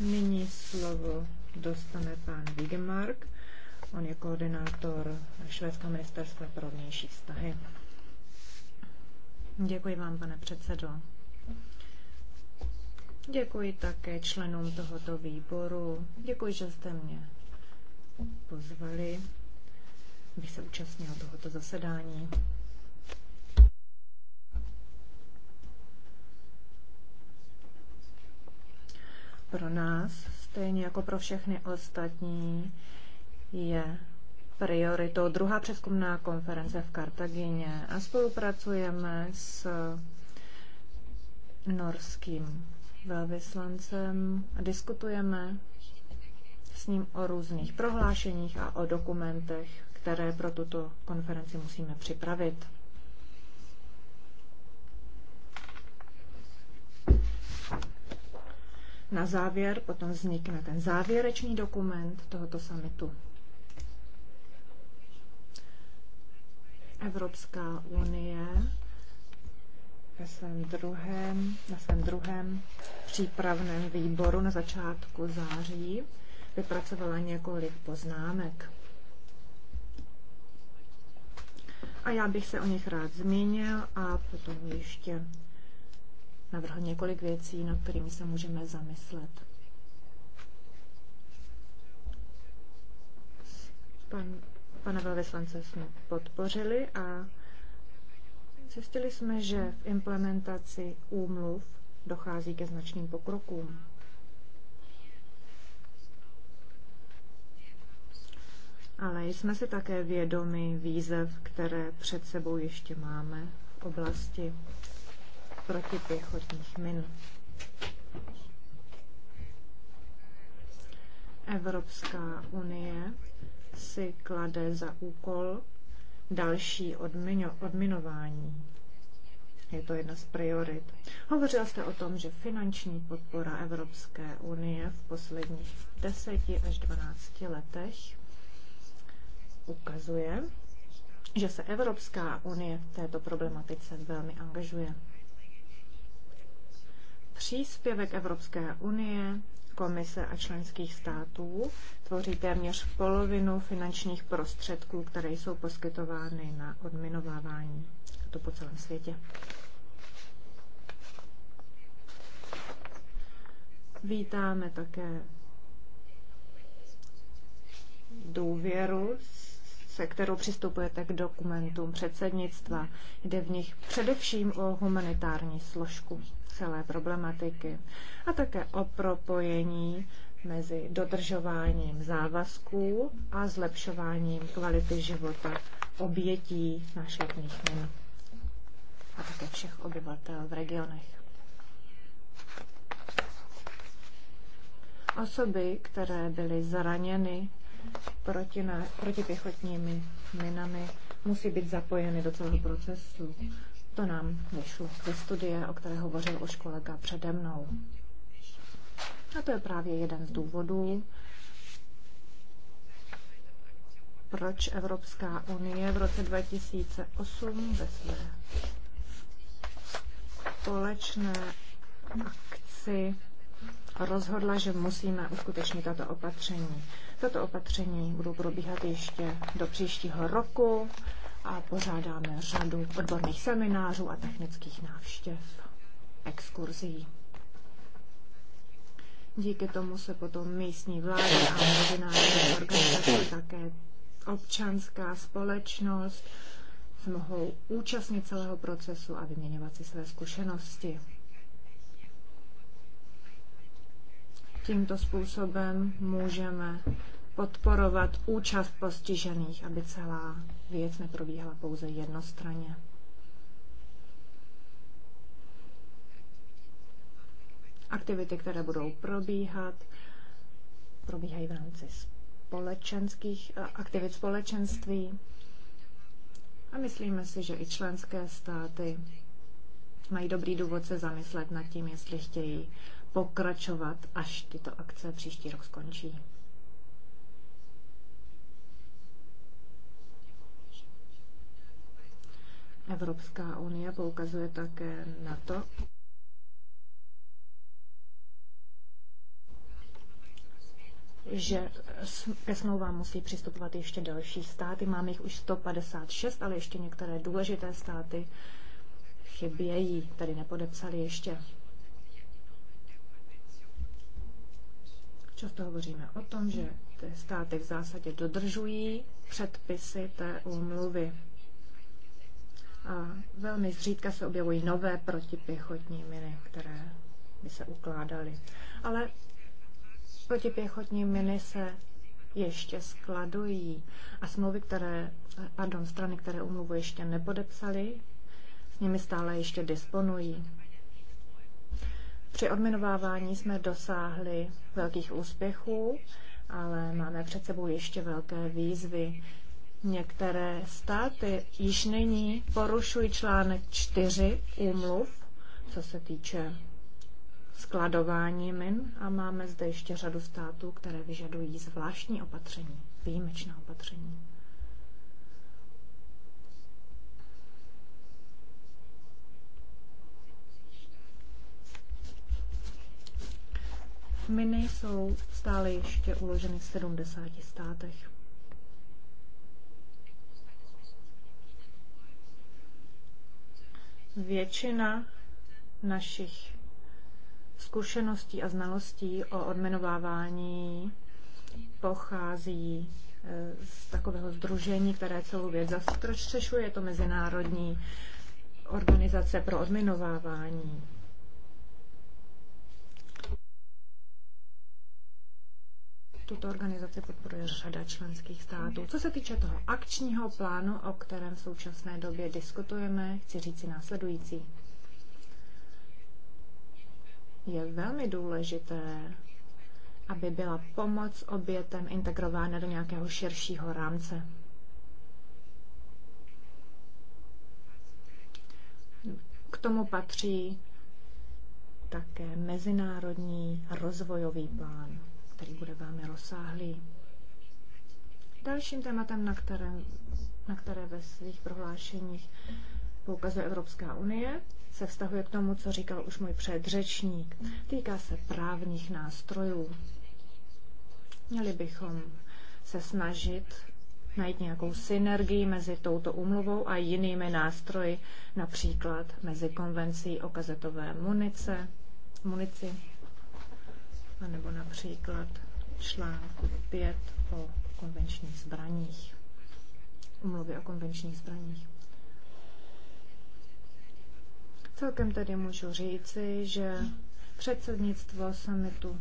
Nyní slovo dostane pan Wigemark. On je koordinátor Švédského ministerstva pro vnější vztahy. Děkuji vám, pane předsedo. Děkuji také členům tohoto výboru. Děkuji, že jste mě pozvali, aby se účastnil tohoto zasedání. Pro nás, stejně jako pro všechny ostatní, je prioritou druhá přeskumná konference v Kartagině a spolupracujeme s norským velvyslancem a diskutujeme s ním o různých prohlášeních a o dokumentech, které pro tuto konferenci musíme připravit. Na závěr potom vznikne ten závěrečný dokument tohoto samitu. Evropská unie ve svém druhém, na svém druhém přípravném výboru na začátku září vypracovala několik poznámek. A já bych se o nich rád zmínil a potom ještě navrhl několik věcí, nad kterými se můžeme zamyslet. Pan, pana velvyslance jsme podpořili a zjistili jsme, že v implementaci úmluv dochází ke značným pokrokům. ale jsme si také vědomi výzev, které před sebou ještě máme v oblasti protipěchotních min. Evropská unie si klade za úkol další odminování. Je to jedna z priorit. Hovořila jste o tom, že finanční podpora Evropské unie v posledních 10 až 12 letech ukazuje, že se Evropská unie v této problematice velmi angažuje. Příspěvek Evropské unie, komise a členských států tvoří téměř polovinu finančních prostředků, které jsou poskytovány na odminovávání. A to po celém světě. Vítáme také důvěru z se kterou přistupujete k dokumentům předsednictva. Jde v nich především o humanitární složku celé problematiky a také o propojení mezi dodržováním závazků a zlepšováním kvality života obětí našich min a také všech obyvatel v regionech. Osoby, které byly zraněny proti, na, pěchotními minami musí být zapojeny do celého procesu. To nám vyšlo ze studie, o které hovořil už kolega přede mnou. A to je právě jeden z důvodů, proč Evropská unie v roce 2008 ve své společné akci rozhodla, že musíme uskutečnit tato opatření. Toto opatření budou probíhat ještě do příštího roku a pořádáme řadu odborných seminářů a technických návštěv, exkurzí. Díky tomu se potom místní vlády a mezinárodní organizace, také občanská společnost mohou účastnit celého procesu a vyměňovat si své zkušenosti. Tímto způsobem můžeme podporovat účast postižených, aby celá věc neprobíhala pouze jednostranně. Aktivity, které budou probíhat, probíhají v rámci společenských eh, aktivit společenství. A myslíme si, že i členské státy mají dobrý důvod se zamyslet nad tím, jestli chtějí pokračovat, až tyto akce příští rok skončí. Evropská unie poukazuje také na to, že ke smlouvám musí přistupovat ještě další státy. Máme jich už 156, ale ještě některé důležité státy chybějí, tedy nepodepsali ještě. Často hovoříme o tom, že ty státy v zásadě dodržují předpisy té úmluvy. A velmi zřídka se objevují nové protipěchotní miny, které by se ukládaly. Ale protipěchotní miny se ještě skladují a smlouvy, které, pardon, strany, které umluvu ještě nepodepsaly, s nimi stále ještě disponují. Při odminovávání jsme dosáhli velkých úspěchů, ale máme před sebou ještě velké výzvy. Některé státy již nyní porušují článek 4 úmluv, co se týče skladování min a máme zde ještě řadu států, které vyžadují zvláštní opatření, výjimečná opatření. Miny jsou stále ještě uloženy v 70 státech. Většina našich zkušeností a znalostí o odmenovávání pochází e, z takového združení, které celou věc zastřešuje. Je to Mezinárodní organizace pro odminovávání. Tuto organizaci podporuje řada členských států. Co se týče toho akčního plánu, o kterém v současné době diskutujeme, chci říci následující. Je velmi důležité, aby byla pomoc obětem integrována do nějakého širšího rámce. K tomu patří také mezinárodní rozvojový plán který bude velmi rozsáhlý. Dalším tématem, na, kterém, na které ve svých prohlášeních poukazuje Evropská unie, se vztahuje k tomu, co říkal už můj předřečník. Týká se právních nástrojů. Měli bychom se snažit najít nějakou synergii mezi touto umluvou a jinými nástroji, například mezi konvencí o kazetové munice, munici anebo například článku 5 o konvenčních zbraních, umluvy o konvenčních zbraních. Celkem tedy můžu říci, že předsednictvo summitu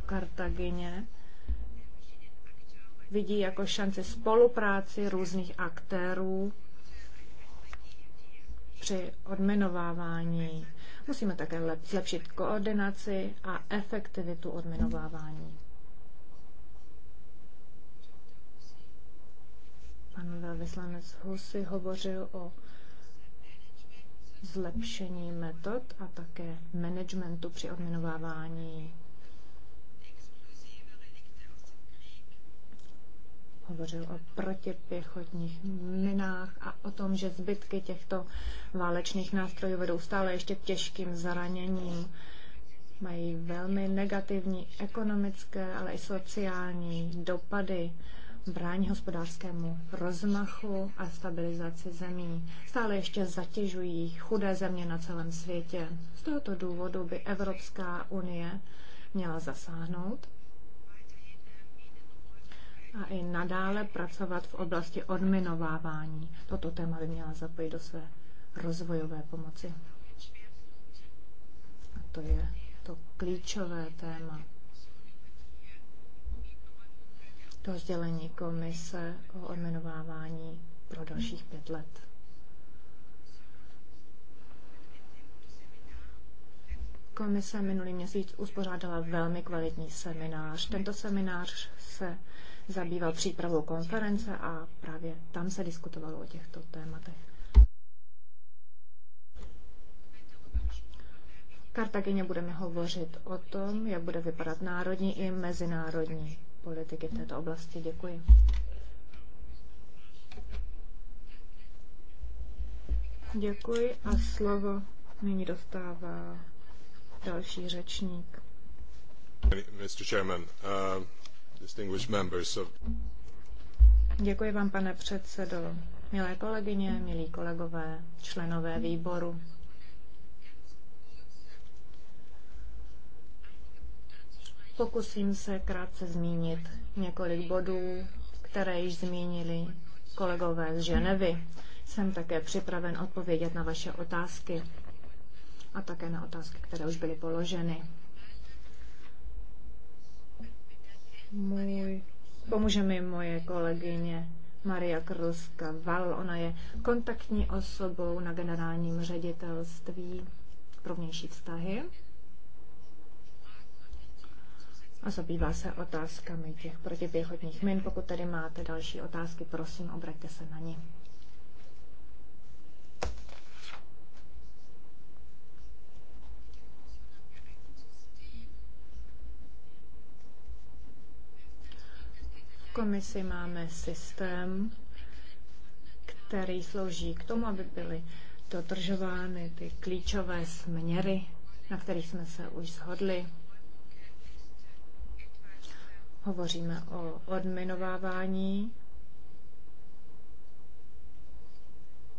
v Kartagině vidí jako šanci spolupráci různých aktérů při odmenovávání. Musíme také zlepšit koordinaci a efektivitu odminovávání. Pan velvyslanec Husy hovořil o zlepšení metod a také managementu při odminovávání hovořil o protipěchotních minách a o tom, že zbytky těchto válečných nástrojů vedou stále ještě k těžkým zraněním. Mají velmi negativní ekonomické, ale i sociální dopady brání hospodářskému rozmachu a stabilizaci zemí. Stále ještě zatěžují chudé země na celém světě. Z tohoto důvodu by Evropská unie měla zasáhnout a i nadále pracovat v oblasti odminovávání. Toto téma by měla zapojit do své rozvojové pomoci. A to je to klíčové téma. To sdělení komise o odminovávání pro dalších pět let. Komise minulý měsíc uspořádala velmi kvalitní seminář. Tento seminář se zabýval přípravou konference a právě tam se diskutovalo o těchto tématech. V Kartageně budeme hovořit o tom, jak bude vypadat národní i mezinárodní politiky v této oblasti. Děkuji. Děkuji a slovo nyní dostává další řečník. Mr. Chairman, uh... Děkuji vám, pane předsedo. Milé kolegyně, milí kolegové, členové výboru. Pokusím se krátce zmínit několik bodů, které již zmínili kolegové z Ženevy. Jsem také připraven odpovědět na vaše otázky a také na otázky, které už byly položeny. můj, pomůže mi moje kolegyně Maria Krlska Val. Ona je kontaktní osobou na generálním ředitelství pro vnější vztahy a zabývá se otázkami těch protipěchotních min. Pokud tady máte další otázky, prosím, obraťte se na ní. komisi máme systém, který slouží k tomu, aby byly dotržovány ty klíčové směry, na kterých jsme se už shodli. Hovoříme o odminovávání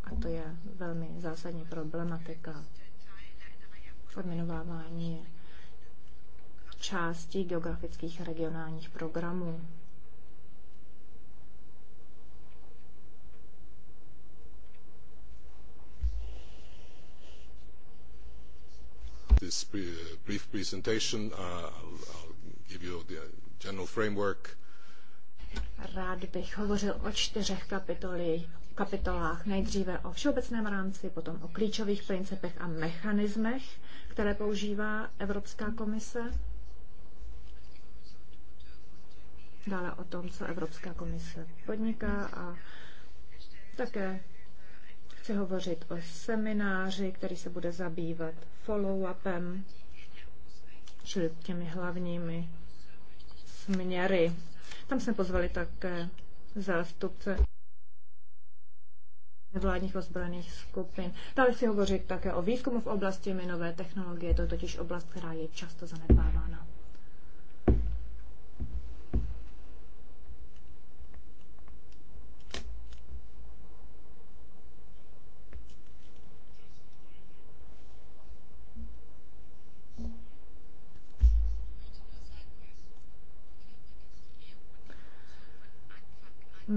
a to je velmi zásadní problematika. Odminovávání je částí geografických regionálních programů. this uh, brief presentation. Uh, I'll, give you the general framework. Rád bych hovořil o čtyřech kapitolách. Nejdříve o všeobecném rámci, potom o klíčových principech a mechanismech, které používá Evropská komise. Dále o tom, co Evropská komise podniká a také Chci hovořit o semináři, který se bude zabývat follow-upem, čili těmi hlavními směry. Tam jsme pozvali také zástupce nevládních ozbrojených skupin. Dále si hovořit také o výzkumu v oblasti minové technologie, to je totiž oblast, která je často zanedbávána.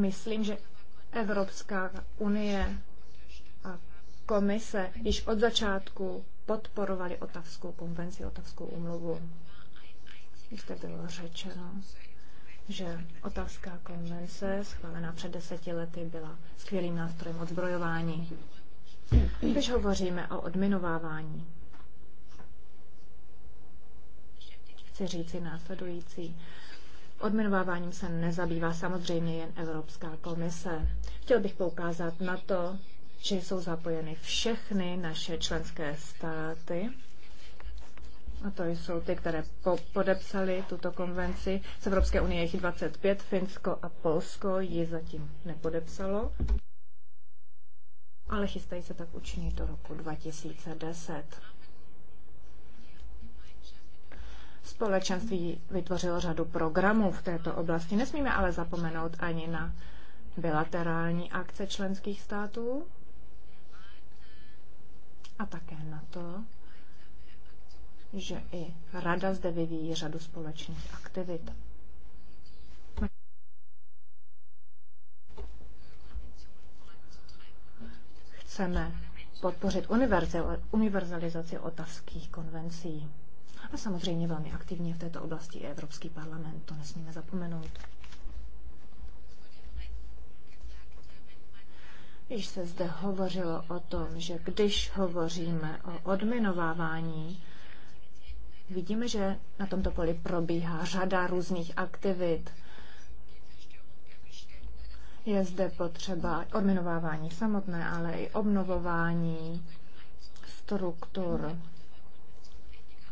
myslím, že Evropská unie a komise již od začátku podporovali Otavskou konvenci, Otavskou umluvu. to bylo řečeno, že Otavská konvence, schválená před deseti lety, byla skvělým nástrojem odzbrojování. Když hovoříme o odminovávání, chci říci následující. Odminováváním se nezabývá samozřejmě jen Evropská komise. Chtěl bych poukázat na to, že jsou zapojeny všechny naše členské státy. A to jsou ty, které po- podepsaly tuto konvenci. Z Evropské unie jich 25, Finsko a Polsko ji zatím nepodepsalo. Ale chystají se tak učinit do roku 2010. Společenství vytvořilo řadu programů v této oblasti. Nesmíme ale zapomenout ani na bilaterální akce členských států a také na to, že i Rada zde vyvíjí řadu společných aktivit. Chceme podpořit univerzalizaci otavských konvencí a samozřejmě velmi aktivně v této oblasti i Evropský parlament, to nesmíme zapomenout. Již se zde hovořilo o tom, že když hovoříme o odminovávání, vidíme, že na tomto poli probíhá řada různých aktivit. Je zde potřeba odminovávání samotné, ale i obnovování struktur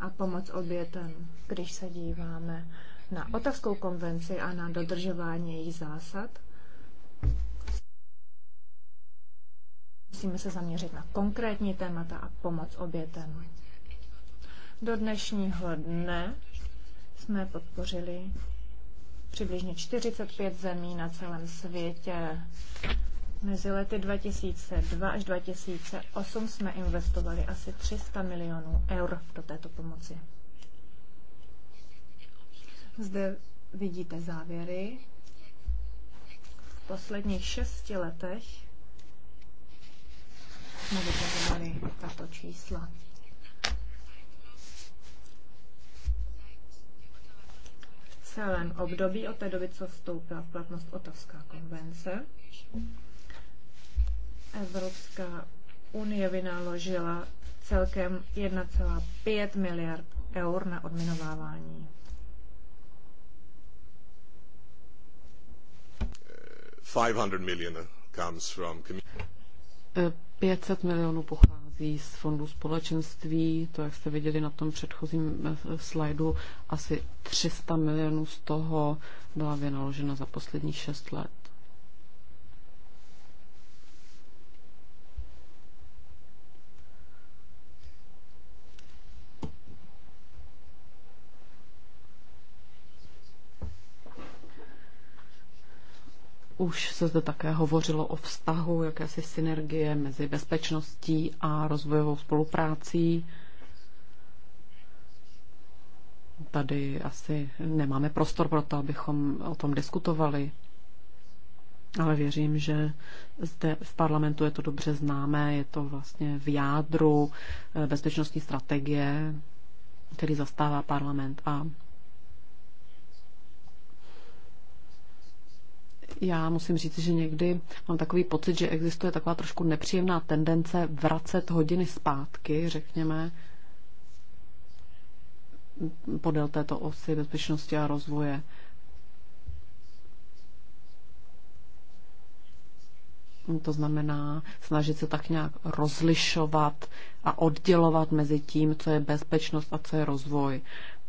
a pomoc obětem, když se díváme na Otavskou konvenci a na dodržování jejich zásad. Musíme se zaměřit na konkrétní témata a pomoc obětem. Do dnešního dne jsme podpořili přibližně 45 zemí na celém světě Mezi lety 2002 až 2008 jsme investovali asi 300 milionů eur do této pomoci. Zde vidíte závěry. V posledních šesti letech jsme vypozorovali tato čísla. V celém období od té doby, co vstoupila v platnost Otavská konvence, Evropská unie vynaložila celkem 1,5 miliard eur na odminovávání. Pětset milionů pochází z fondu společenství, to, jak jste viděli na tom předchozím eh, slajdu, asi 300 milionů z toho byla vynaložena za posledních šest let. Už se zde také hovořilo o vztahu, jakési synergie mezi bezpečností a rozvojovou spoluprácí. Tady asi nemáme prostor pro to, abychom o tom diskutovali, ale věřím, že zde v parlamentu je to dobře známé, je to vlastně v jádru eh, bezpečnostní strategie, který zastává parlament a Já musím říct, že někdy mám takový pocit, že existuje taková trošku nepříjemná tendence vracet hodiny zpátky, řekněme, podél této osy bezpečnosti a rozvoje. To znamená snažit se tak nějak rozlišovat a oddělovat mezi tím, co je bezpečnost a co je rozvoj.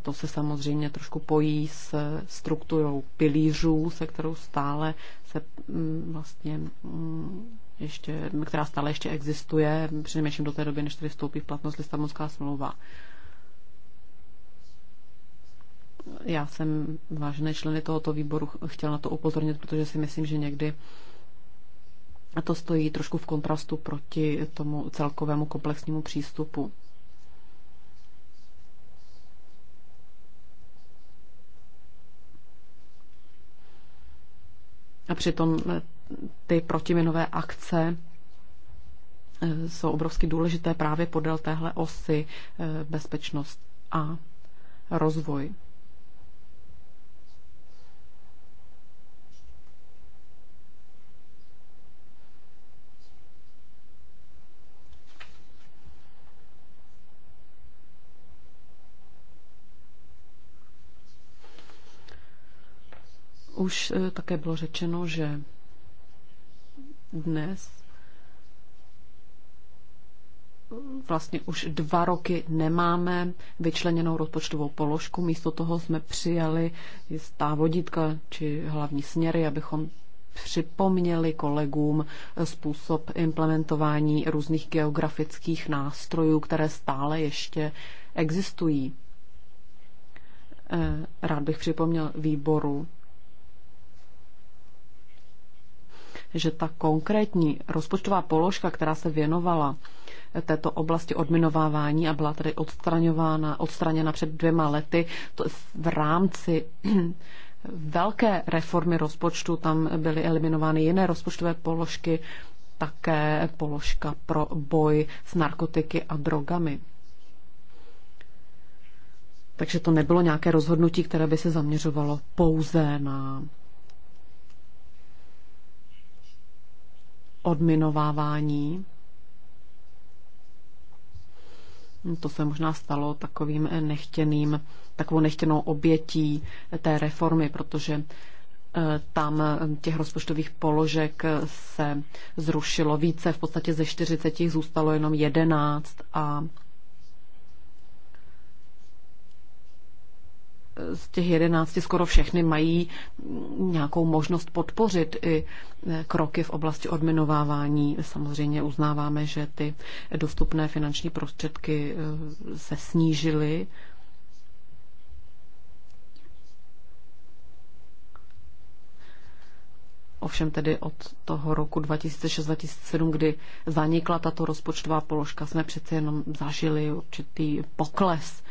To se samozřejmě trošku pojí s strukturou pilířů, se kterou stále se mm, vlastně mm, ještě, která stále ještě existuje, přinejmenším do té doby, než tady vstoupí v platnost Lisabonská smlouva. Já jsem vážné členy tohoto výboru chtěla na to upozornit, protože si myslím, že někdy to stojí trošku v kontrastu proti tomu celkovému komplexnímu přístupu. A přitom eh, ty protiminové akce eh, jsou obrovsky důležité právě podél téhle osy eh, bezpečnost a rozvoj. Už eh, také bylo řečeno, že dnes vlastně už dva roky nemáme vyčleněnou rozpočtovou položku. Místo toho jsme přijali jistá vodítka či hlavní směry, abychom připomněli kolegům způsob implementování různých geografických nástrojů, které stále ještě existují. Eh, rád bych připomněl výboru, že ta konkrétní rozpočtová položka, která se věnovala této oblasti odminovávání a byla tedy odstraňována, odstraněna před dvěma lety to v rámci velké reformy rozpočtu, tam byly eliminovány jiné rozpočtové položky, také položka pro boj s narkotiky a drogami. Takže to nebylo nějaké rozhodnutí, které by se zaměřovalo pouze na odminovávání. To se možná stalo takovým nechtěným, takovou nechtěnou obětí té reformy, protože eh, tam těch rozpočtových položek se zrušilo více, v podstatě ze 40 zůstalo jenom 11 a z těch jedenácti skoro všechny mají nějakou možnost podpořit i e, kroky v oblasti odminovávání. Samozřejmě uznáváme, že ty dostupné finanční prostředky e, se snížily. Ovšem tedy od toho roku 2006-2007, kdy zanikla tato rozpočtová položka, jsme přece jenom zažili určitý pokles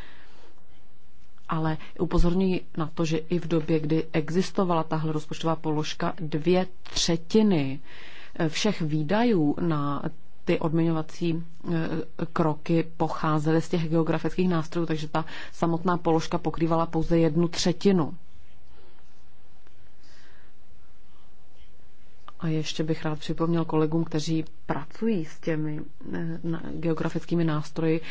ale upozorňuji na to, že i v době, kdy existovala tahle rozpočtová položka, dvě třetiny eh, všech výdajů na ty odměňovací eh, kroky pocházely z těch geografických nástrojů, takže ta samotná položka pokrývala pouze jednu třetinu. A ještě bych rád připomněl kolegům, kteří pracují s těmi eh, geografickými nástroji.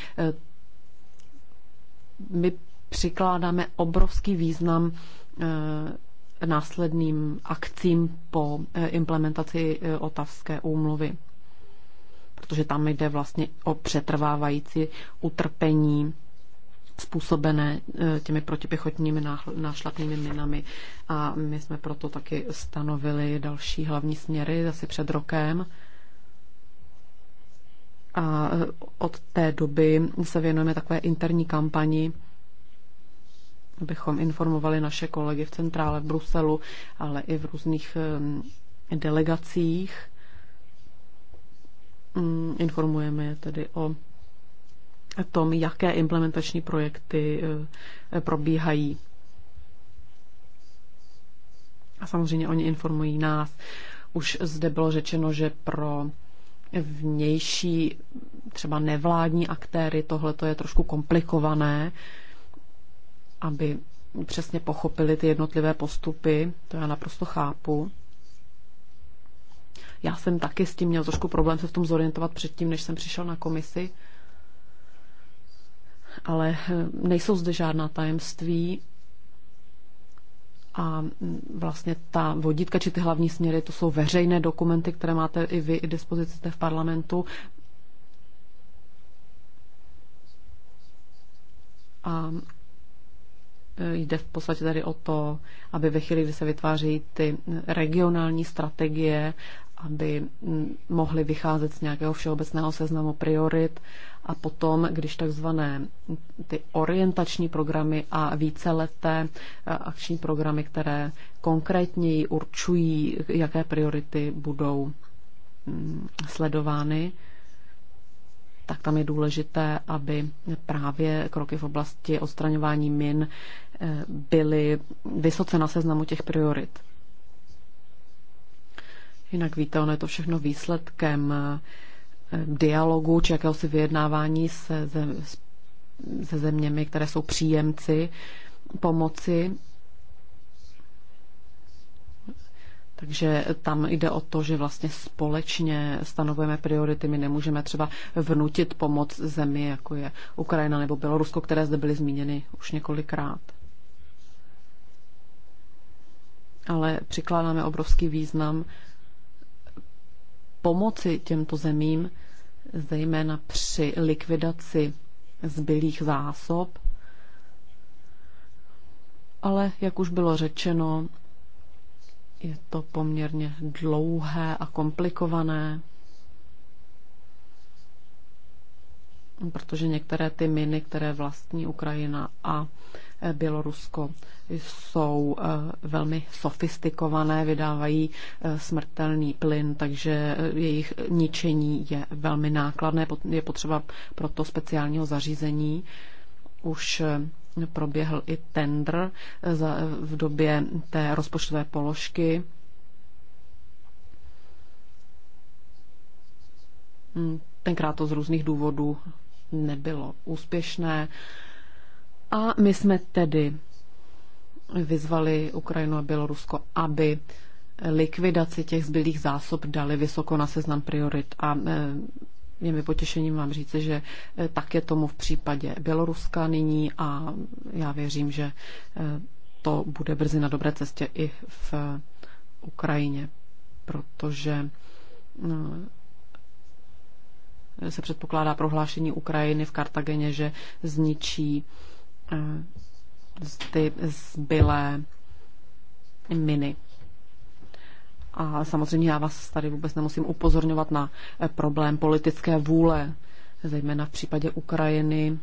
My přikládáme obrovský význam eh, následným akcím po eh, implementaci eh, otavské úmluvy. Protože tam jde vlastně o přetrvávající utrpení způsobené těmi protipěchotními nášlapnými minami. A my jsme proto taky stanovili další hlavní směry asi před rokem. A od té doby se věnujeme takové interní kampani, abychom informovali naše kolegy v centrále v Bruselu, ale i v různých delegacích. Mm, informujeme je tedy o tom, jaké implementační projekty e, e, probíhají. A samozřejmě oni informují nás. Už zde bylo řečeno, že pro vnější třeba nevládní aktéry tohle je trošku komplikované, aby přesně pochopili ty jednotlivé postupy, to já naprosto chápu. Já jsem taky s tím měl trošku problém se v tom zorientovat předtím, než jsem přišel na komisi. Ale eh, nejsou zde žádná tajemství a mm, vlastně ta vodítka či ty hlavní směry, to jsou veřejné dokumenty, které máte i vy i dispozici jste v parlamentu. A Eh, jde v podstatě tady o to, aby ve chvíli, kdy se vytvářejí ty regionální strategie, aby mm, mohly vycházet z nějakého všeobecného seznamu priorit a potom, když takzvané mm, ty orientační programy a víceleté eh, akční programy, které konkrétněji určují, jaké priority budou mm, sledovány, tak tam je důležité, aby právě kroky v oblasti odstraňování min byly vysoce na seznamu těch priorit. Jinak víte, ono je to všechno výsledkem eh, dialogu či jakéhosi vyjednávání se, se zeměmi, které jsou příjemci pomoci. Takže tam jde o to, že vlastně společně stanovujeme priority. My nemůžeme třeba vnutit pomoc zemi, jako je Ukrajina nebo Bělorusko, které zde byly zmíněny už několikrát. ale přikládáme obrovský význam pomoci těmto zemím, zejména při likvidaci zbylých zásob. Ale, jak už bylo řečeno, je to poměrně dlouhé a komplikované, protože některé ty miny, které vlastní Ukrajina a Bělorusko jsou eh, velmi sofistikované, vydávají eh, smrtelný plyn, takže eh, jejich ničení je velmi nákladné, je potřeba proto speciálního zařízení. Už proběhl i tender v době té rozpočtové položky. Hmm, tenkrát to z různých důvodů nebylo úspěšné. A my jsme tedy vyzvali Ukrajinu a Bělorusko, aby likvidaci těch zbylých zásob dali vysoko na seznam priorit a e, je mi potěšením vám říci, že e, tak je tomu v případě Běloruska nyní a já věřím, že e, to bude brzy na dobré cestě i v Ukrajině, protože no, se předpokládá prohlášení Ukrajiny v Kartageně, že zničí Eh, ty zbylé miny. A samozřejmě já vás tady vůbec nemusím upozorňovat na eh, problém politické vůle, zejména v případě Ukrajiny.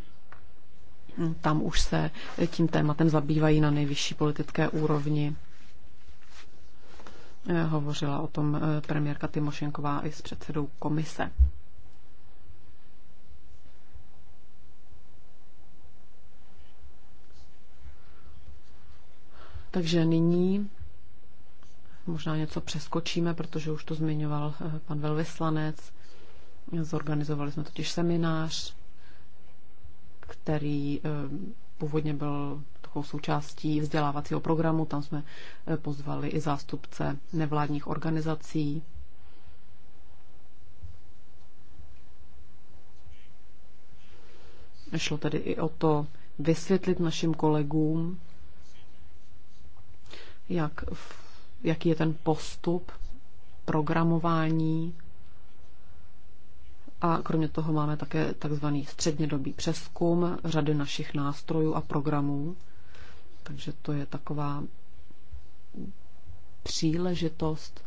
Mm, tam už se eh, tím tématem zabývají na nejvyšší politické úrovni. Hovořila o tom premiérka Timošenková i s předsedou komise. Takže nyní možná něco přeskočíme, protože už to zmiňoval eh, pan velvyslanec. Zorganizovali jsme totiž seminář, který eh, původně byl takovou součástí vzdělávacího programu. Tam jsme eh, pozvali i zástupce nevládních organizací. Šlo tedy i o to vysvětlit našim kolegům, jak, jaký je ten postup programování. A kromě toho máme také takzvaný střednědobý přeskum řady našich nástrojů a programů. Takže to je taková příležitost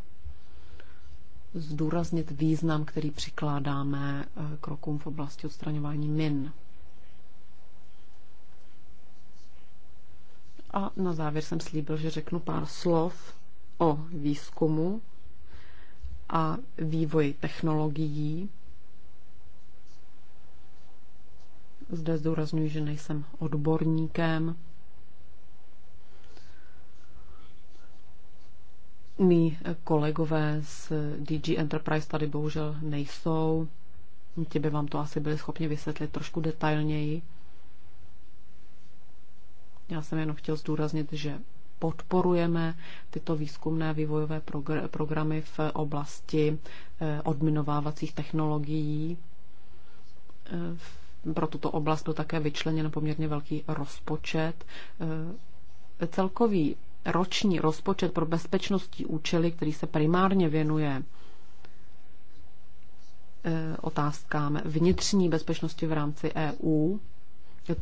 zdůraznit význam, který přikládáme eh, krokům v oblasti odstraňování min. A na závěr jsem slíbil, že řeknu pár slov o výzkumu a vývoji technologií. Zde zdůraznuju, že nejsem odborníkem. Mí kolegové z DG Enterprise tady bohužel nejsou. Ti by vám to asi byli schopni vysvětlit trošku detailněji. Já jsem jenom chtěl zdůraznit, že podporujeme tyto výzkumné vývojové progr- programy v oblasti eh, odminovávacích technologií. Eh, pro tuto oblast byl také vyčleněn poměrně velký rozpočet. Eh, celkový roční rozpočet pro bezpečnostní účely, který se primárně věnuje otázkám vnitřní bezpečnosti v rámci EU,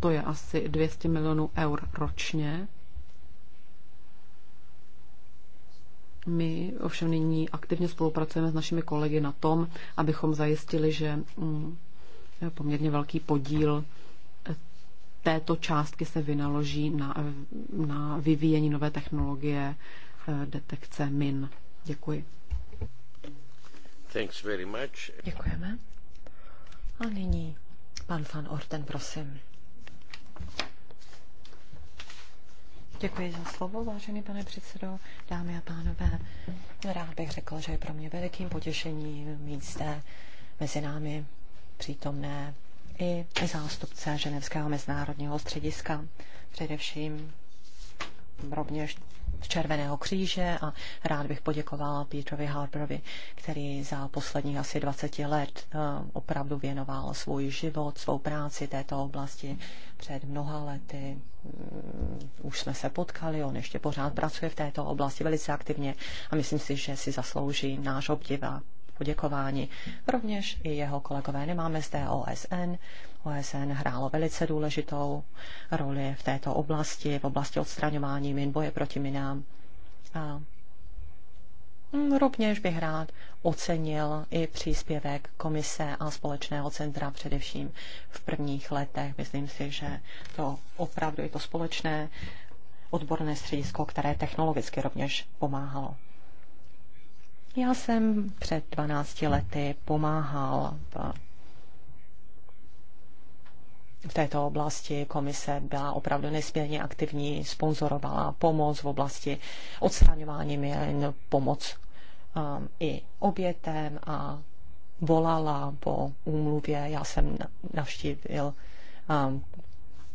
to je asi 200 milionů eur ročně. My ovšem nyní aktivně spolupracujeme s našimi kolegy na tom, abychom zajistili, že mm, poměrně velký podíl této částky se vynaloží na, na vyvíjení nové technologie e, detekce min. Děkuji. Thanks very much. Děkujeme. A nyní pan van Orten, prosím. Děkuji za slovo, vážený pane předsedo, dámy a pánové. Rád bych řekl, že je pro mě velikým potěšením mít zde mezi námi přítomné i zástupce Ženevského mezinárodního střediska, především rovněž Červeného kříže a rád bych poděkoval Petrovi Harperovi, který za posledních asi 20 let eh, opravdu věnoval svůj život, svou práci této oblasti. Před mnoha lety mm, už jsme se potkali, on ještě pořád pracuje v této oblasti velice aktivně a myslím si, že si zaslouží náš obdiv a poděkování. Rovněž i jeho kolegové nemáme zde OSN. OSN hrálo velice důležitou roli v této oblasti, v oblasti odstraňování min, boje proti minám. A rovněž bych rád ocenil i příspěvek komise a společného centra především v prvních letech. Myslím si, že to opravdu je to společné odborné středisko, které technologicky rovněž pomáhalo. Já jsem před 12 lety pomáhal v v této oblasti komise byla opravdu nesmírně aktivní, sponzorovala pomoc v oblasti odstraňování měn, pomoc um, i obětem a volala po úmluvě. Já jsem navštívil um,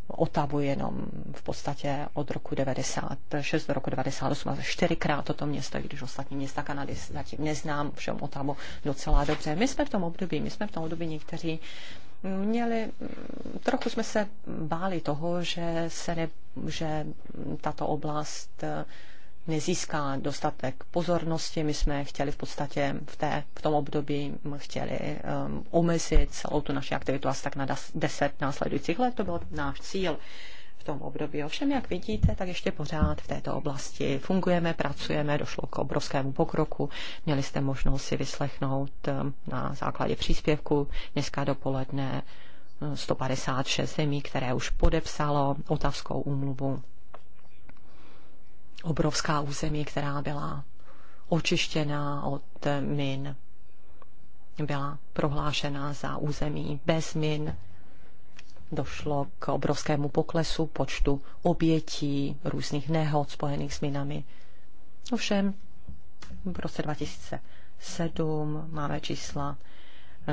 Otavu jenom v podstatě od roku 96 do roku 98 a čtyřikrát toto město, když ostatní města Kanady zatím neznám, všem Otavu docela dobře. My jsme v tom období, my jsme v tom období někteří měli, trochu jsme se báli toho, že se ne, že tato oblast nezíská dostatek pozornosti. My jsme chtěli v podstatě v, té, v tom období chtěli um, omezit celou tu naši aktivitu asi tak na 10 následujících let. To byl náš cíl v tom období. Ovšem, jak vidíte, tak ještě pořád v této oblasti fungujeme, pracujeme, došlo k obrovskému pokroku. Měli jste možnost si vyslechnout um, na základě příspěvku dneska dopoledne 156 um, zemí, které už podepsalo Otavskou úmluvu obrovská území, která byla očištěna od min, byla prohlášena za území bez min. Došlo k obrovskému poklesu počtu obětí různých nehod spojených s minami. Ovšem, v roce 2007 máme čísla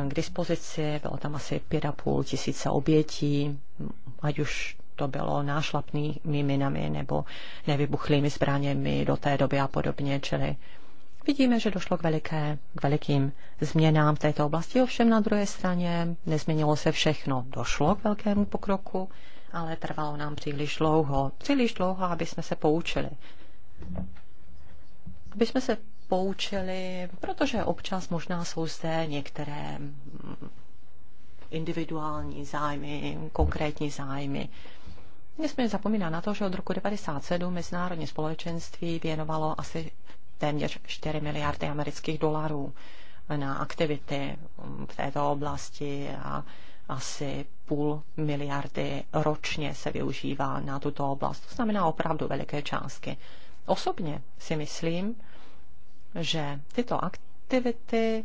k dispozici, bylo tam asi 5,5 tisíce obětí, ať už to bylo nášlapnými minami nebo nevybuchlými zbraněmi do té doby a podobně, čili Vidíme, že došlo k, veliké, k velikým změnám v této oblasti, ovšem na druhé straně nezměnilo se všechno. Došlo k velkému pokroku, ale trvalo nám příliš dlouho. Příliš dlouho, aby jsme se poučili. Aby jsme se poučili, protože občas možná jsou zde některé individuální zájmy, konkrétní zájmy, Nesmíme zapomínat na to, že od roku 1997 mezinárodní společenství věnovalo asi téměř 4 miliardy amerických dolarů na aktivity v této oblasti a asi půl miliardy ročně se využívá na tuto oblast. To znamená opravdu veliké částky. Osobně si myslím, že tyto aktivity,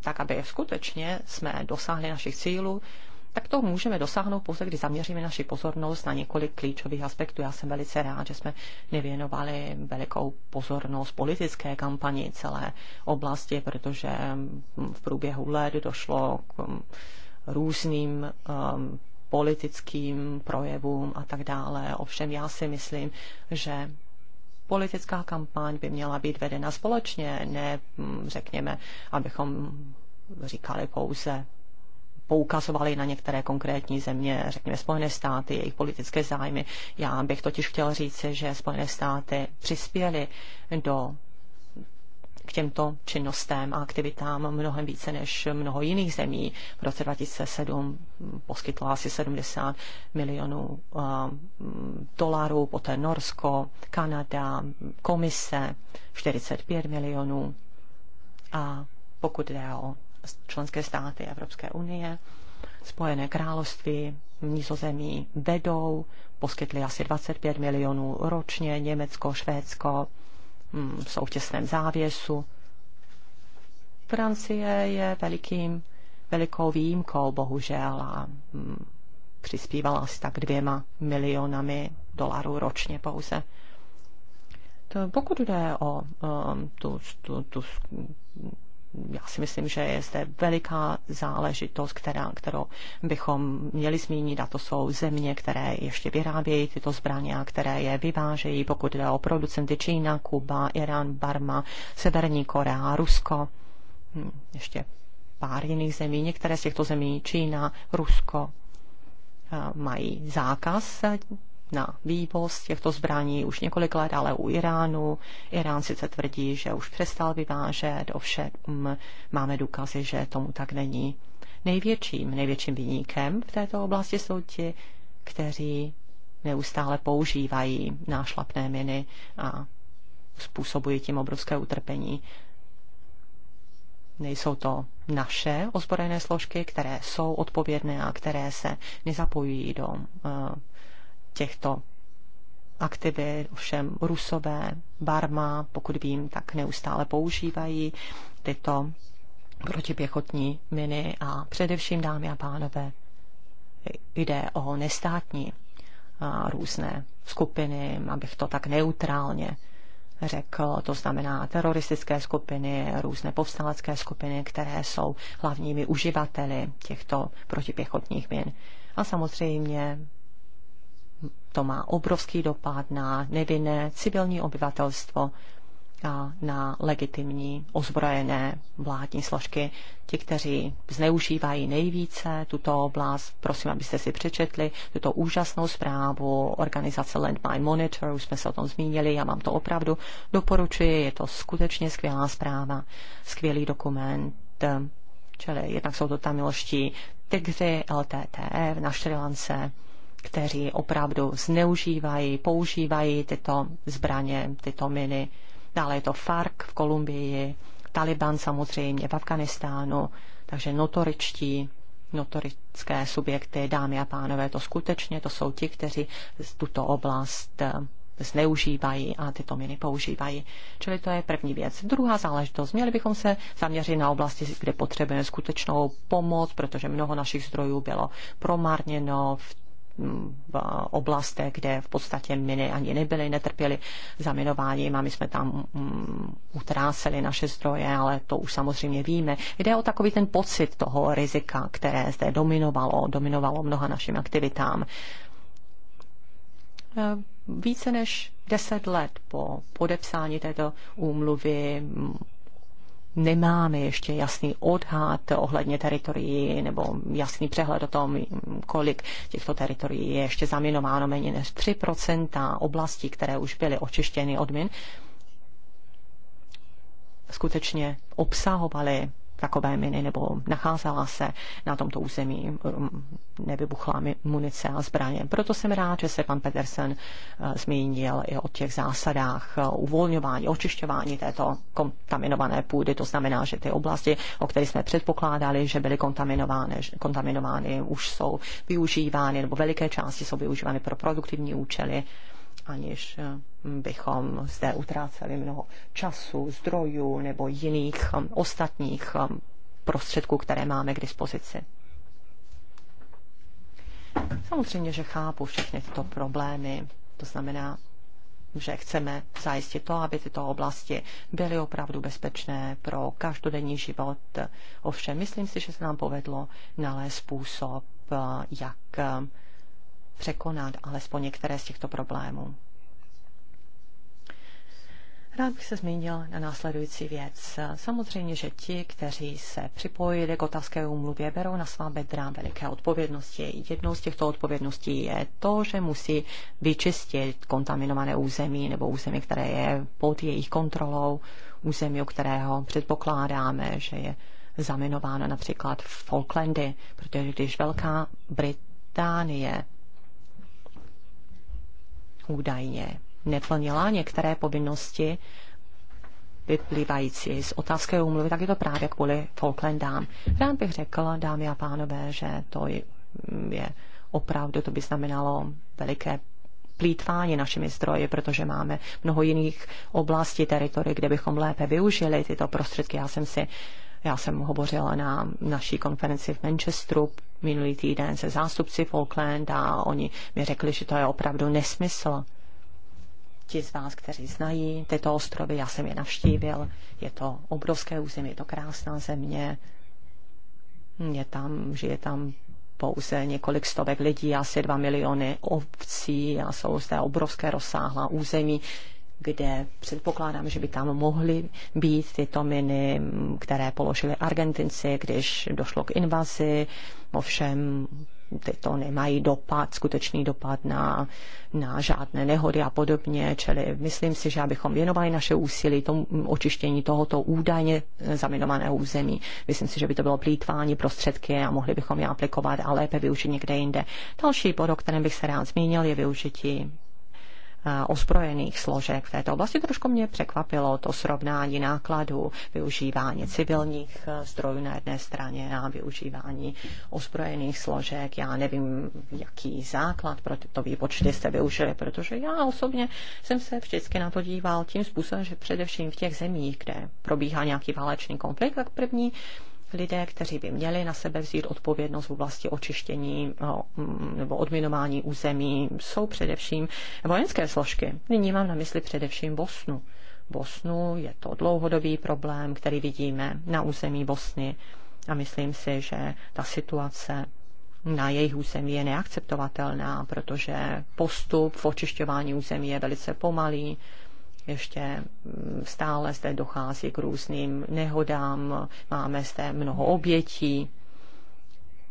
tak aby skutečně jsme dosáhli našich cílů, tak to můžeme dosáhnout pouze, když zaměříme naši pozornost na několik klíčových aspektů. Já jsem velice rád, že jsme nevěnovali velikou pozornost politické kampani celé oblasti, protože v průběhu let došlo k um, různým um, politickým projevům a tak dále. Ovšem já si myslím, že politická kampaň by měla být vedena společně, ne, mm, řekněme, abychom říkali pouze poukazovali na některé konkrétní země, řekněme Spojené státy, jejich politické zájmy. Já bych totiž chtěl říct, že Spojené státy přispěly do k těmto činnostem a aktivitám mnohem více než mnoho jiných zemí. V roce 2007 poskytla asi 70 milionů eh, dolarů, poté Norsko, Kanada, komise 45 milionů. A pokud jde o členské státy Evropské unie, Spojené království, Nizozemí vedou, poskytli asi 25 milionů ročně, Německo, Švédsko hm, jsou v těsném závěsu. Francie je velikým, velikou výjimkou, bohužel, a hm, přispívala asi tak dvěma milionami dolarů ročně pouze. To, pokud jde o um, tu, tu, tu já si myslím, že je zde veliká záležitost, která, kterou bychom měli zmínit, a to jsou země, které ještě vyrábějí tyto zbraně a které je vyvážejí, pokud jde o producenty Čína, Kuba, Irán, Barma, Severní Korea, Rusko, hm, ještě pár jiných zemí. Některé z těchto zemí, Čína, Rusko, eh, mají zákaz na vývoz těchto zbraní už několik let, ale u Iránu. Irán sice tvrdí, že už přestal vyvážet, ovšem mm, máme důkazy, že tomu tak není. Největším, největším vyníkem v této oblasti jsou ti, kteří neustále používají nášlapné miny a způsobují tím obrovské utrpení. Nejsou to naše ozbrojené složky, které jsou odpovědné a které se nezapojují do uh, těchto aktivit, ovšem rusové, barma, pokud vím, tak neustále používají tyto protipěchotní miny a především, dámy a pánové, jde o nestátní a různé skupiny, abych to tak neutrálně řekl, to znamená teroristické skupiny, různé povstalecké skupiny, které jsou hlavními uživateli těchto protipěchotních min. A samozřejmě to má obrovský dopad na nevinné civilní obyvatelstvo a na legitimní ozbrojené vládní složky. Ti, kteří zneužívají nejvíce tuto oblast, prosím, abyste si přečetli tuto úžasnou zprávu organizace Landmine Monitor, už jsme se o tom zmínili, já vám to opravdu doporučuji, je to skutečně skvělá zpráva, skvělý dokument, čili jednak jsou to tamilští tygři, LTTE na Šrilance, kteří opravdu zneužívají, používají tyto zbraně, tyto miny. Dále je to FARC v Kolumbii, Taliban samozřejmě v Afganistánu, takže notoričtí, notorické subjekty, dámy a pánové, to skutečně to jsou ti, kteří tuto oblast eh, zneužívají a tyto miny používají. Čili to je první věc. Druhá záležitost. Měli bychom se zaměřit na oblasti, kde potřebujeme skutečnou pomoc, protože mnoho našich zdrojů bylo promarněno v v oblastech, kde v podstatě miny ani nebyly, netrpěly zaminováním a my jsme tam mm, utráceli naše zdroje, ale to už samozřejmě víme. Jde o takový ten pocit toho rizika, které zde dominovalo, dominovalo mnoha našim aktivitám. E, více než deset let po podepsání této úmluvy mm, nemáme ještě jasný odhad ohledně teritorií nebo jasný přehled o tom, kolik těchto teritorií je ještě zaminováno méně než 3 oblastí, které už byly očištěny od min, skutečně obsahovaly takové miny nebo nacházela se na tomto území um, nevybuchla munice a zbraně. Proto jsem rád, že se pan Petersen eh, zmínil i o těch zásadách eh, uvolňování, očišťování této kontaminované půdy. To znamená, že ty oblasti, o kterých jsme předpokládali, že byly kontaminovány, kontaminovány už jsou využívány nebo veliké části jsou využívány pro produktivní účely aniž eh, bychom zde utráceli mnoho času, zdrojů nebo jiných eh, ostatních eh, prostředků, které máme k dispozici. Samozřejmě, že chápu všechny tyto problémy, to znamená, že chceme zajistit to, aby tyto oblasti byly opravdu bezpečné pro každodenní život. Ovšem, myslím si, že se nám povedlo nalézt způsob, jak překonat alespoň některé z těchto problémů. Rád bych se zmínil na následující věc. Samozřejmě, že ti, kteří se připojili k otázké úmluvě, berou na svá bedra veliké odpovědnosti. Jednou z těchto odpovědností je to, že musí vyčistit kontaminované území nebo území, které je pod jejich kontrolou, území, o kterého předpokládáme, že je zaminováno například v Falklandy, protože když Velká Británie údajně neplnila některé povinnosti vyplývající z otázky úmluvy, tak je to právě kvůli Falklandám. Rád bych řekl, dámy a pánové, že to je opravdu, to by znamenalo veliké plítvání našimi zdroji, protože máme mnoho jiných oblastí, teritory, kde bychom lépe využili tyto prostředky. Já jsem si já jsem hovořila na naší konferenci v Manchesteru minulý týden se zástupci Falkland a oni mi řekli, že to je opravdu nesmysl. Ti z vás, kteří znají tyto ostrovy, já jsem je navštívil, je to obrovské území, je to krásná země, je tam, žije tam pouze několik stovek lidí, asi dva miliony ovcí a jsou zde obrovské rozsáhlá území kde předpokládám, že by tam mohly být tyto miny, které položili Argentinci, když došlo k invazi. Ovšem tyto nemají dopad, skutečný dopad na, na žádné nehody a podobně, čili myslím si, že abychom věnovali naše úsilí tomu očištění tohoto údajně zaminovaného území. Myslím si, že by to bylo plítvání prostředky a mohli bychom je aplikovat a lépe využít někde jinde. Další bod, o kterém bych se rád zmínil, je využití ozbrojených složek v této oblasti. Trošku mě překvapilo to srovnání nákladů, využívání civilních e, zdrojů na jedné straně a využívání ozbrojených složek. Já nevím, jaký základ pro tyto výpočty jste využili, protože já osobně jsem se vždycky na to díval tím způsobem, že především v těch zemích, kde probíhá nějaký válečný konflikt, tak první lidé, kteří by měli na sebe vzít odpovědnost v oblasti očištění no, mm, nebo odminování území, jsou především vojenské složky. Nyní mám na mysli především Bosnu. Bosnu je to dlouhodobý problém, který vidíme na území Bosny a myslím si, že ta situace na jejich území je neakceptovatelná, protože postup v očišťování území je velice pomalý, ještě mm, stále zde dochází k různým nehodám, máme zde mnoho obětí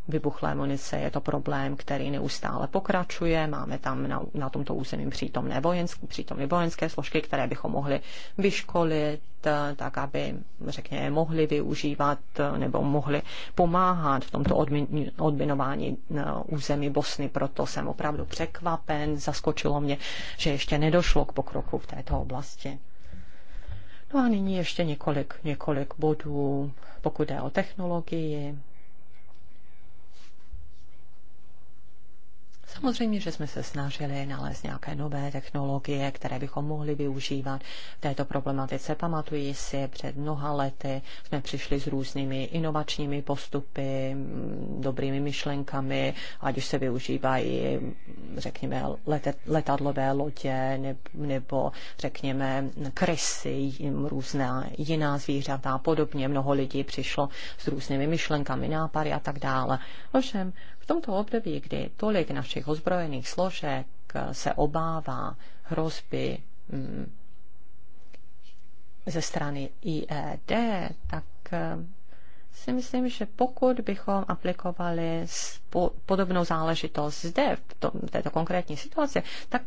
vybuchlé munice. Je to problém, který neustále pokračuje. Máme tam na, na tomto území přítomné vojenské, přítomné vojenské složky, které bychom mohli vyškolit, tak aby, řekněme, mohli využívat nebo mohli pomáhat v tomto odmin, odminování eh, území Bosny. Proto jsem opravdu překvapen, zaskočilo mě, že ještě nedošlo k pokroku v této oblasti. No a nyní ještě několik, několik bodů, pokud jde o technologii, Samozřejmě, že jsme se snažili nalézt nějaké nové technologie, které bychom mohli využívat v této problematice. Pamatuji si, před mnoha lety jsme přišli s různými inovačními postupy, mm, dobrými myšlenkami, ať už se využívají, řekněme, lete, letadlové lodě nebo, řekněme, krysy, různá jiná zvířata a podobně. Mnoho lidí přišlo s různými myšlenkami, nápady a tak dále. Ovšem, v tomto období, kdy tolik našich ozbrojených složek eh, se obává hrozby mm, ze strany IED, tak eh, si myslím, že pokud bychom aplikovali podobnou záležitost zde, v této konkrétní situaci, tak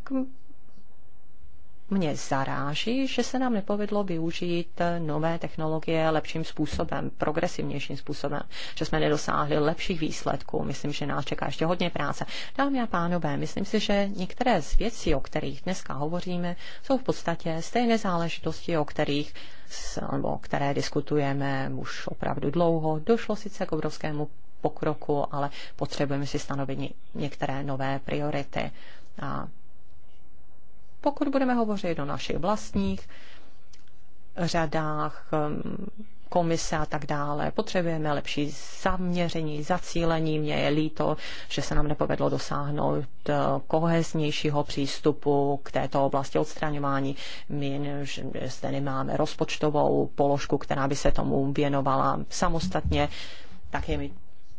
mě zaráží, že se nám nepovedlo využít eh, nové technologie lepším způsobem, progresivnějším způsobem, že jsme nedosáhli lepších výsledků. Myslím, že nás čeká ještě hodně práce. Dámy a pánové, myslím si, že některé z věcí, o kterých dneska hovoříme, jsou v podstatě stejné záležitosti, o kterých nebo které diskutujeme už opravdu dlouho. Došlo sice k obrovskému pokroku, ale potřebujeme si stanovit některé nové priority. A pokud budeme hovořit o našich vlastních řadách, um, komise a tak dále. Potřebujeme lepší zaměření, zacílení. Mně je líto, že se nám nepovedlo dosáhnout uh, koheznějšího přístupu k této oblasti odstraňování min, že zde nemáme rozpočtovou položku, která by se tomu věnovala samostatně. Tak je mi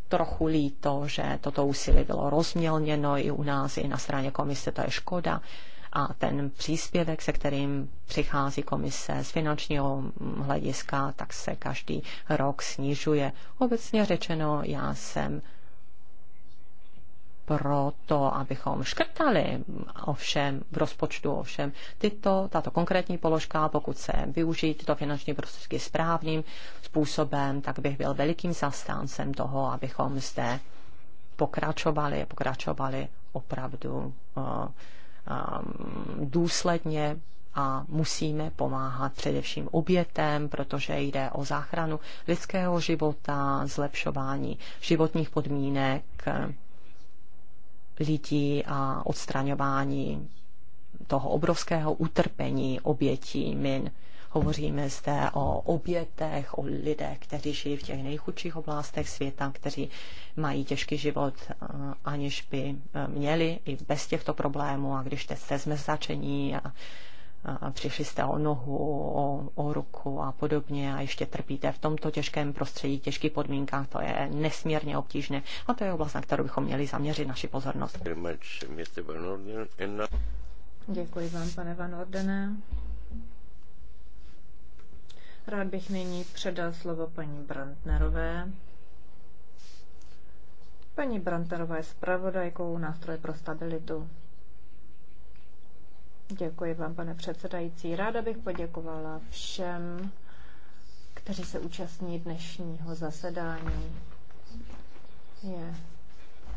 trochu líto, že toto úsilí bylo rozmělněno i u nás, i na straně komise, to je škoda a ten příspěvek, se kterým přichází komise z finančního hlediska, tak se každý rok snižuje. Obecně řečeno, já jsem proto, abychom škrtali ovšem v rozpočtu ovšem tyto, tato konkrétní položka, pokud se využijí tyto finanční prostředky správným způsobem, tak bych byl velikým zastáncem toho, abychom zde pokračovali, pokračovali opravdu uh, Um, důsledně a musíme pomáhat především obětem, protože jde o záchranu lidského života, zlepšování životních podmínek lidí a odstraňování toho obrovského utrpení obětí min. Hovoříme zde o obětech, o lidech, kteří žijí v těch nejchudších oblastech světa, kteří mají těžký život, eh, aniž by eh, měli i bez těchto problémů. A když jste se začení a a přišli jste o nohu, o, o ruku a podobně a ještě trpíte v tomto těžkém prostředí, těžkých podmínkách, to je nesmírně obtížné a to je oblast, na kterou bychom měli zaměřit naši pozornost. Děkuji vám, pane Van Ordene. Rád bych nyní předal slovo paní Brandnerové. Paní Brandnerová je zpravodajkou nástroje pro stabilitu. Děkuji vám, pane předsedající. Ráda bych poděkovala všem, kteří se účastní dnešního zasedání. Je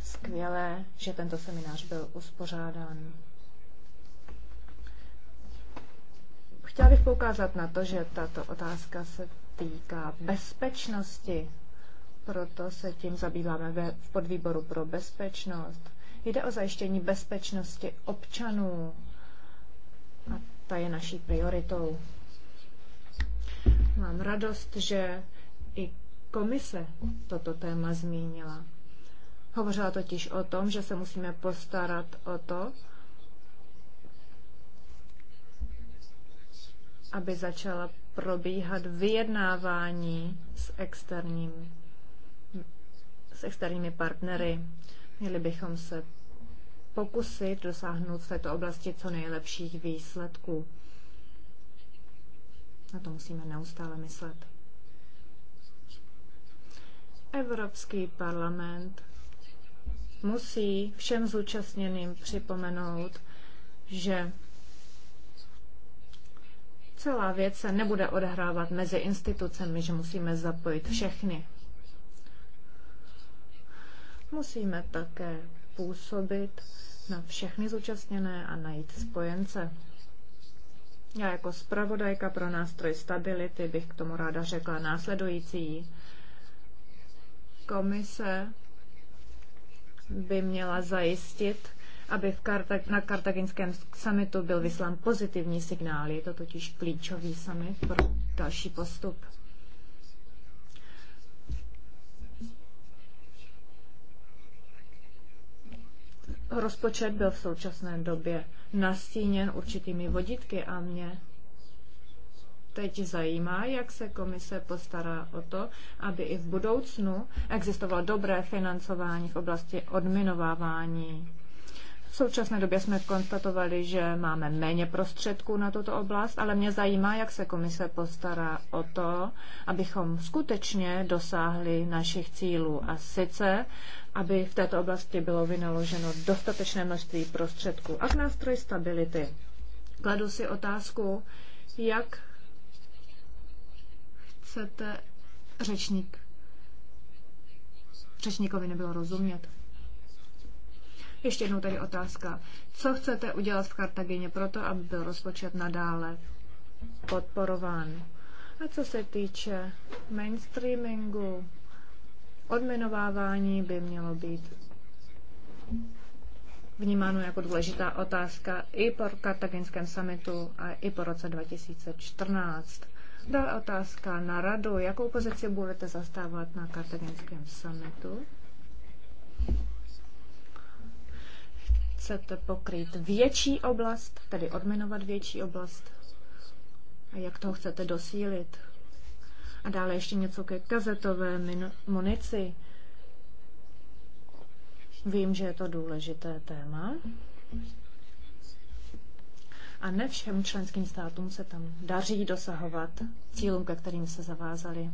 skvělé, že tento seminář byl uspořádán. Chtěla bych poukázat na to, že tato otázka se týká bezpečnosti, proto se tím zabýváme ve, v podvýboru pro bezpečnost. Jde o zajištění bezpečnosti občanů a ta je naší prioritou. Mám radost, že i komise toto téma zmínila. Hovořila totiž o tom, že se musíme postarat o to, aby začala probíhat vyjednávání s, externím, s externími partnery. Měli bychom se pokusit dosáhnout v této oblasti co nejlepších výsledků. Na to musíme neustále myslet. Evropský parlament musí všem zúčastněným připomenout, že celá věc se nebude odehrávat mezi institucemi, že musíme zapojit všechny. Musíme také působit na všechny zúčastněné a najít spojence. Já jako zpravodajka pro nástroj stability bych k tomu ráda řekla následující. Komise by měla zajistit aby v Karta- na kartaginském summitu byl vyslán pozitivní signál. Je to totiž klíčový summit pro další postup. Rozpočet byl v současné době nastíněn určitými vodítky a mě teď zajímá, jak se komise postará o to, aby i v budoucnu existovalo dobré financování v oblasti odminovávání v současné době jsme konstatovali, že máme méně prostředků na tuto oblast, ale mě zajímá, jak se komise postará o to, abychom skutečně dosáhli našich cílů a sice, aby v této oblasti bylo vynaloženo dostatečné množství prostředků. A k nástroji stability. Kladu si otázku, jak chcete řečník. Řečníkovi nebylo rozumět. Ještě jednou tady otázka. Co chcete udělat v Kartagině pro to, aby byl rozpočet nadále podporován? A co se týče mainstreamingu, odminovávání by mělo být vnímáno jako důležitá otázka i po kartaginském summitu a i po roce 2014. Dále otázka na radu. Jakou pozici budete zastávat na kartaginském summitu? chcete pokryt větší oblast, tedy odminovat větší oblast a jak toho chcete dosílit. A dále ještě něco ke kazetové munici. Vím, že je to důležité téma. A ne všem členským státům se tam daří dosahovat cílům, ke kterým se zavázali.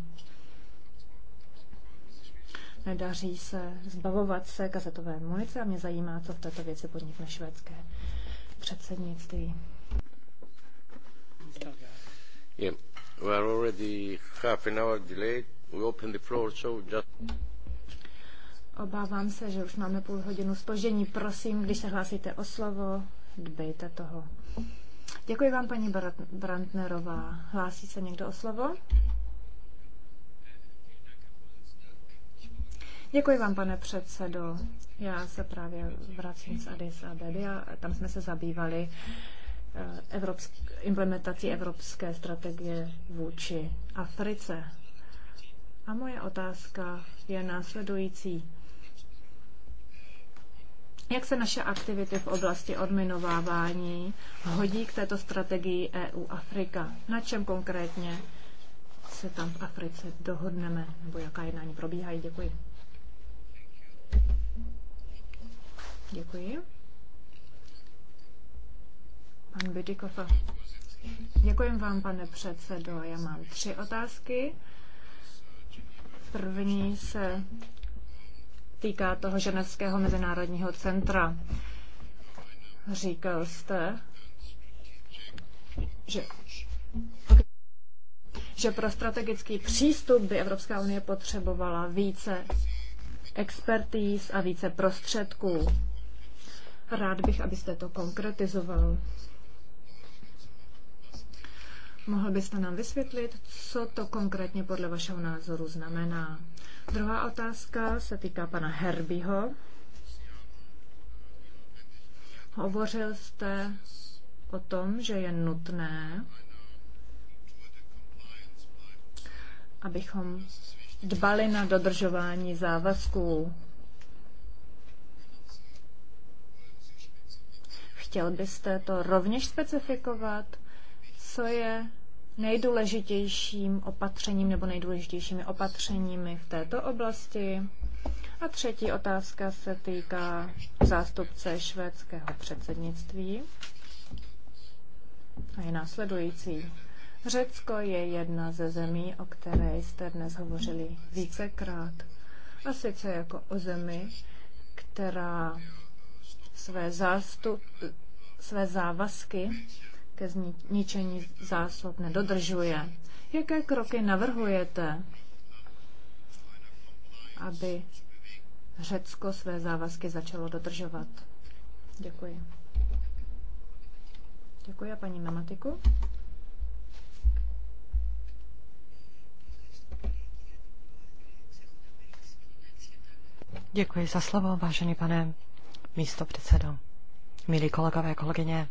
Nedaří se zbavovat se kazetové munice a mě zajímá, co v této věci podnikne švédské předsednictví. We are already half an hour delayed. We open the floor, so just... Obávám se, že už máme půl hodinu spoždění. Prosím, když se hlásíte o slovo, dbejte toho. Děkuji vám, paní Brandnerová. Hlásí se někdo o slovo? Děkuji vám, pane předsedo. Já se právě vracím z Addis Abeby a tam jsme se zabývali eh, evropský, implementací evropské strategie vůči Africe. A moje otázka je následující. Jak se naše aktivity v oblasti odminovávání hodí k této strategii EU Afrika? Na čem konkrétně se tam v Africe dohodneme, nebo jaká jednání probíhají? Děkuji. Děkuji. Pan Bidikofa. Děkuji vám, pane předsedo. Já mám tři otázky. První se týká toho Ženevského mezinárodního centra. Říkal jste, že, že pro strategický přístup by Evropská unie potřebovala více expertíz a více prostředků. Rád bych, abyste to konkretizoval. Mohl byste nám vysvětlit, co to konkrétně podle vašeho názoru znamená? Druhá otázka se týká pana Herbyho. Hovořil jste o tom, že je nutné, abychom dbali na dodržování závazků. Chtěl byste to rovněž specifikovat, co je nejdůležitějším opatřením nebo nejdůležitějšími opatřeními v této oblasti? A třetí otázka se týká zástupce švédského předsednictví a je následující. Řecko je jedna ze zemí, o které jste dnes hovořili vícekrát. A sice jako o zemi, která své, zástup, své závazky ke zničení zásob nedodržuje. Jaké kroky navrhujete, aby Řecko své závazky začalo dodržovat? Děkuji. Děkuji a paní Mematiku. Děkuji za slovo, vážený pane místo předsedo. Milí kolegové, kolegyně,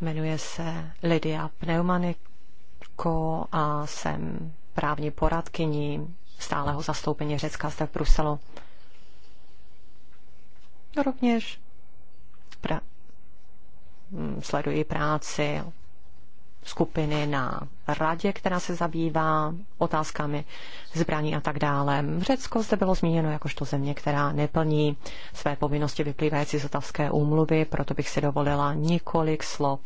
jmenuje se Lidia Pneumaniko a jsem právní poradkyní stáleho zastoupení Řecka zde v Bruselu. Rovněž pra- sleduji práci skupiny na radě, která se zabývá otázkami zbraní a tak dále. Řecko zde bylo zmíněno jakožto země, která neplní své povinnosti vyplývající z otavské úmluvy, proto bych si dovolila několik slov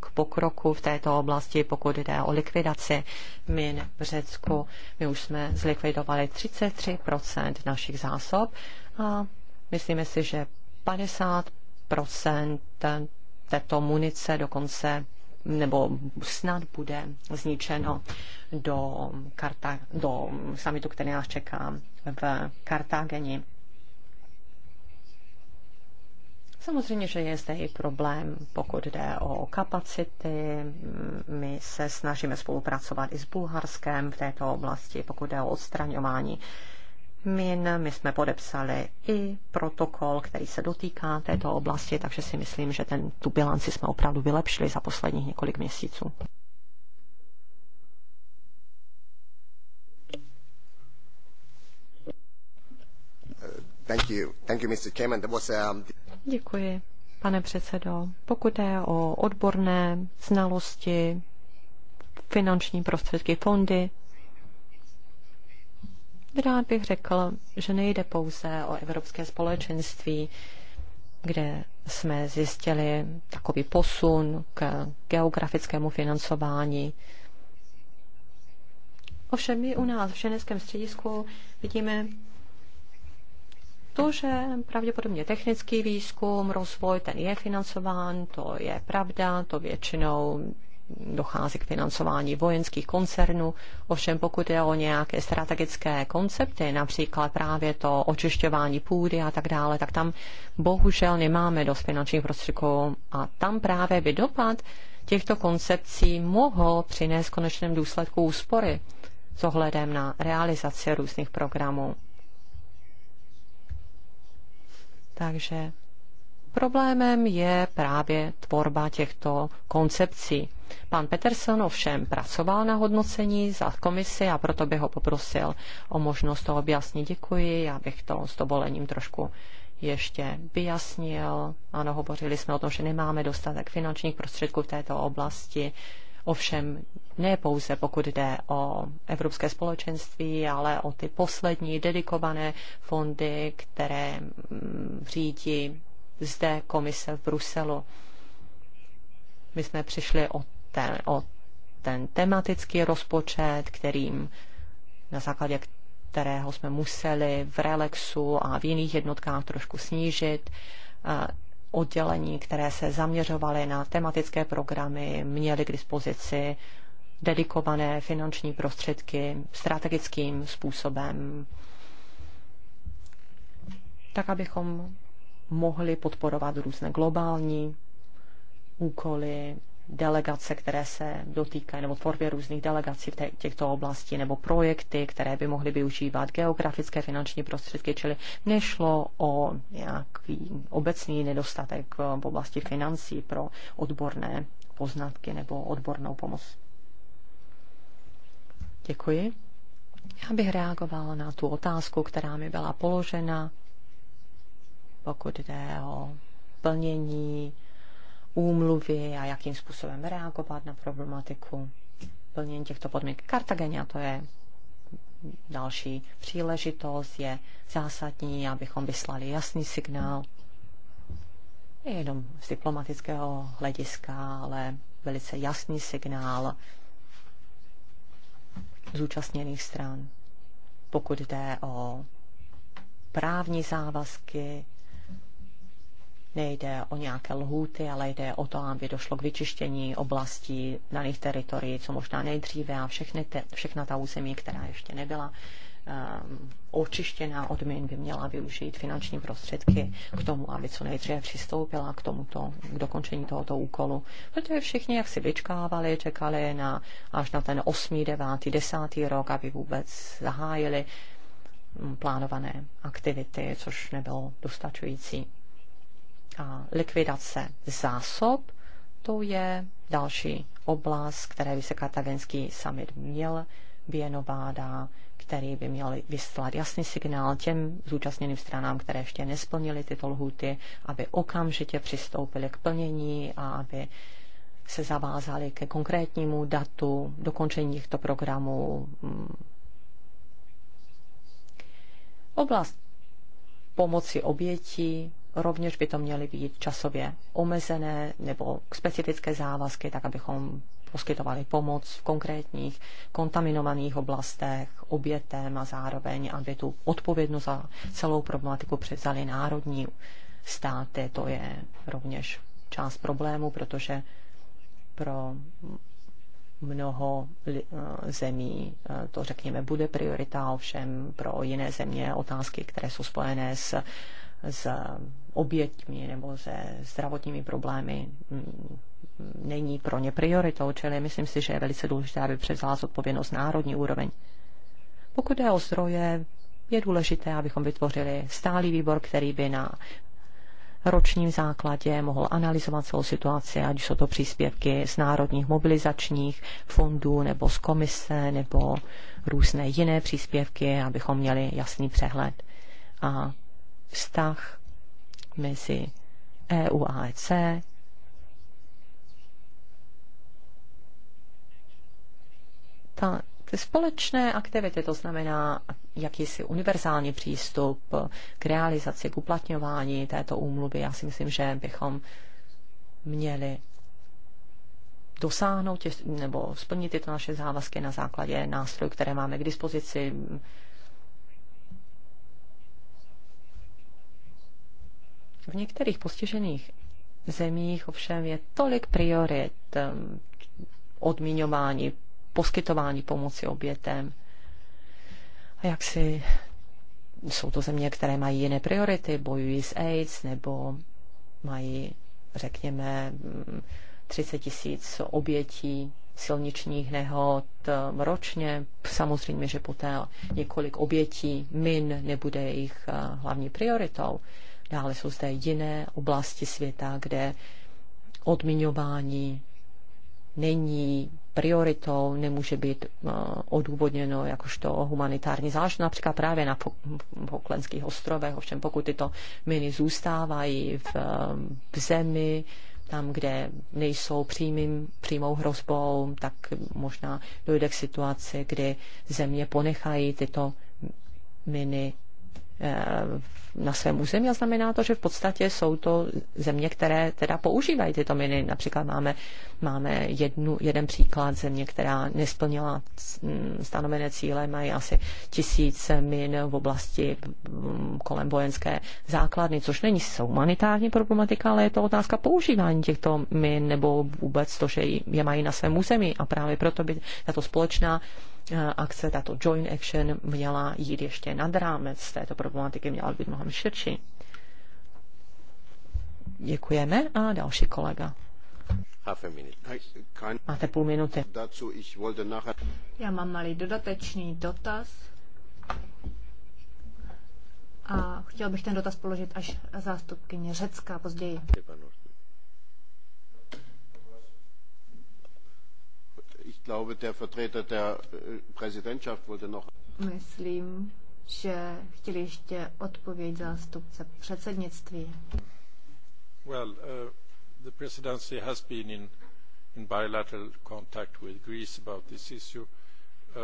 k pokroku v této oblasti, pokud jde o likvidaci min v Řecku. My už jsme zlikvidovali 33 našich zásob a myslíme si, že 50 této munice dokonce nebo snad bude zničeno do, Karta, do samitu, který nás čeká v Kartágeni. Samozřejmě, že je zde i problém, pokud jde o kapacity. My se snažíme spolupracovat i s Bulharskem v této oblasti, pokud jde o odstraňování min. My jsme podepsali i protokol, který se dotýká této oblasti, takže si myslím, že ten, tu bilanci jsme opravdu vylepšili za posledních několik měsíců. Thank you. Thank you, Mr. Chairman. was, um... Děkuji, pane předsedo. Pokud je o odborné znalosti, finanční prostředky, fondy, Rád bych řekl, že nejde pouze o evropské společenství, kde jsme zjistili takový posun k geografickému financování. Ovšem my u nás v ženevském středisku vidíme to, že pravděpodobně technický výzkum, rozvoj, ten je financován, to je pravda, to většinou dochází k financování vojenských koncernů. Ovšem pokud je o nějaké strategické koncepty, například právě to očišťování půdy a tak dále, tak tam bohužel nemáme dost finančních prostředků a tam právě by dopad těchto koncepcí mohl přinést v konečném důsledku úspory s ohledem na realizaci různých programů. Takže Problémem je právě tvorba těchto koncepcí. Pan Peterson ovšem pracoval na hodnocení za komisi a proto bych ho poprosil o možnost to objasnit. Děkuji, já bych to s dovolením trošku ještě vyjasnil. Ano, hovořili jsme o tom, že nemáme dostatek finančních prostředků v této oblasti. Ovšem ne pouze pokud jde o Evropské společenství, ale o ty poslední dedikované fondy, které mm, řídí zde komise v Bruselu. My jsme přišli o ten, o ten tematický rozpočet, kterým na základě kterého jsme museli v Relexu a v jiných jednotkách trošku snížit. Eh, oddělení, které se zaměřovaly na tematické programy, měly k dispozici dedikované finanční prostředky strategickým způsobem, tak abychom mohli podporovat různé globální úkoly, delegace, které se dotýkají, nebo tvorbě různých delegací v těchto oblastí, nebo projekty, které by mohly využívat geografické finanční prostředky, čili nešlo o nějaký obecný nedostatek eh, v oblasti financí pro odborné poznatky nebo odbornou pomoc. Děkuji. Já bych reagovala na tu otázku, která mi byla položena pokud jde o plnění úmluvy a jakým způsobem reagovat na problematiku plnění těchto podmínek. Kartageně, to je další příležitost, je zásadní, abychom vyslali jasný signál nejenom z diplomatického hlediska, ale velice jasný signál zúčastněných stran, pokud jde o právní závazky, Nejde o nějaké lhůty, ale jde o to, aby došlo k vyčištění oblastí daných teritorií, co možná nejdříve a všechny te, všechna ta území, která ještě nebyla ehm, očištěná od min, by měla využít finanční prostředky k tomu, aby co nejdříve přistoupila k tomuto, k dokončení tohoto úkolu. Protože všichni jak si vyčkávali, čekali na, až na ten 8., 9., 10. rok, aby vůbec zahájili plánované aktivity, což nebylo dostačující a likvidace zásob, to je další oblast, které by se katavenský summit měl věnovat a který by měl vyslat jasný signál těm zúčastněným stranám, které ještě nesplnily tyto lhuty, aby okamžitě přistoupili k plnění a aby se zavázali ke konkrétnímu datu dokončení těchto programů. Oblast pomoci obětí rovněž by to měly být časově omezené nebo specifické závazky, tak abychom poskytovali pomoc v konkrétních kontaminovaných oblastech obětem a zároveň, aby tu odpovědnost za celou problematiku převzali národní státy. To je rovněž část problému, protože pro mnoho eh, zemí eh, to, řekněme, bude priorita, ovšem pro jiné země otázky, které jsou spojené s s oběťmi nebo se zdravotními problémy mm, není pro ně prioritou, čili myslím si, že je velice důležité, aby převzala zodpovědnost národní úroveň. Pokud je o zdroje, je důležité, abychom vytvořili stálý výbor, který by na ročním základě mohl analyzovat celou situaci, ať jsou to příspěvky z národních mobilizačních fondů nebo z komise nebo různé jiné příspěvky, abychom měli jasný přehled. A vztah mezi EU a EC, ta, ty společné aktivity, to znamená jakýsi univerzální přístup k realizaci, k uplatňování této úmluvy, já si myslím, že bychom měli dosáhnout nebo splnit tyto naše závazky na základě nástrojů, které máme k dispozici, V některých postižených zemích ovšem je tolik priorit ehm, odmiňování, poskytování pomoci obětem. A jak si jsou to země, které mají jiné priority, bojují s AIDS nebo mají, řekněme, 30 mm, tisíc obětí silničních nehod ehm, ročně. Samozřejmě, že poté několik obětí min nebude jejich ehm, hlavní prioritou. Dále jsou zde jiné oblasti světa, kde odmiňování není prioritou, nemůže být eh, odůvodněno jakožto humanitární záležitost, například právě na Poklenských ostrovech. Ovšem pokud tyto miny zůstávají v, eh, v zemi, tam, kde nejsou přímým, přímou hrozbou, tak možná dojde k situaci, kdy země ponechají tyto miny na svém území a znamená to, že v podstatě jsou to země, které teda používají tyto miny. Například máme, máme jednu, jeden příklad země, která nesplnila stanovené cíle, mají asi tisíc min v oblasti mm, kolem vojenské základny, což není humanitární problematika, ale je to otázka používání těchto min nebo vůbec to, že je mají na svém území a právě proto by tato společná Eh, akce, tato joint action měla jít ještě nad rámec této problematiky, měla být mnohem širší. Děkujeme a další kolega. Máte půl minuty. Já mám malý dodatečný dotaz. A chtěl bych ten dotaz položit až zástupkyně Řecka později. Ich glaube, der Vertreter der äh, Präsidentschaft wollte noch. Myslím, že chtěli ještě odpověď zástupce předsednictví. Well, uh, the presidency has been in, in bilateral contact with Greece about this issue.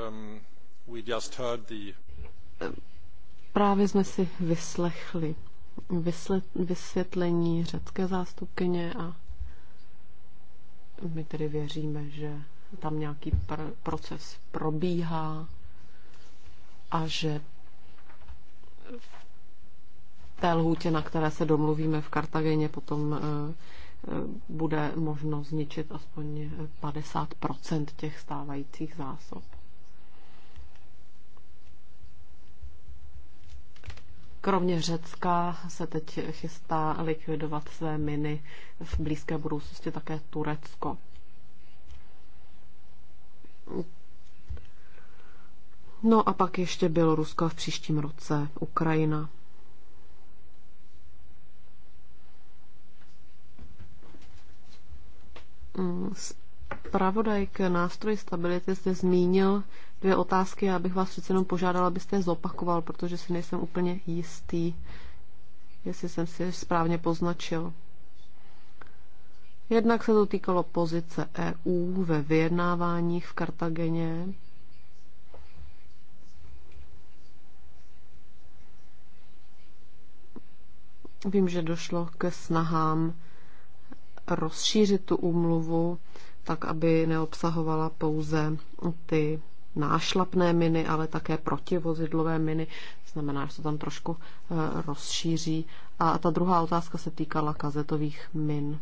Um, we just heard the... Právě jsme si vyslechli vysvětlení řecké zástupkyně a my tedy věříme, že tam nějaký pr- proces probíhá a že v té lhůtě, na které se domluvíme v Kartagéně, potom eh, eh, bude možno zničit aspoň 50 těch stávajících zásob. Kromě Řecka se teď chystá likvidovat své miny v blízké budoucnosti také Turecko. No a pak ještě Bělorusko v příštím roce, Ukrajina. Mm, Spravodaj k nástroji stability jste zmínil dvě otázky. Já bych vás přece jenom požádala, abyste je zopakoval, protože si nejsem úplně jistý, jestli jsem si je správně poznačil. Jednak se to týkalo pozice EU ve vyjednáváních v Kartageně. Vím, že došlo ke snahám rozšířit tu úmluvu tak, aby neobsahovala pouze ty nášlapné miny, ale také protivozidlové miny. Znamená, že se tam trošku e, rozšíří. A ta druhá otázka se týkala kazetových min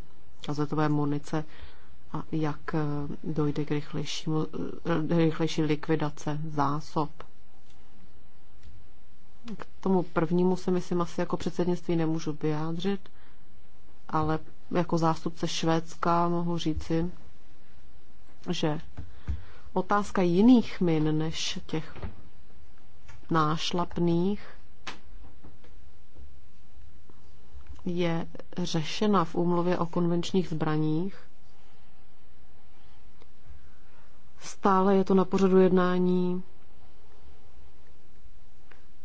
kazetové munice a jak eh, dojde k eh, rychlejší likvidace zásob. K tomu prvnímu se myslím asi jako předsednictví nemůžu vyjádřit, ale jako zástupce Švédska mohu říci, že otázka jiných min než těch nášlapných je řešena v úmluvě o konvenčních zbraních. Stále je to na pořadu jednání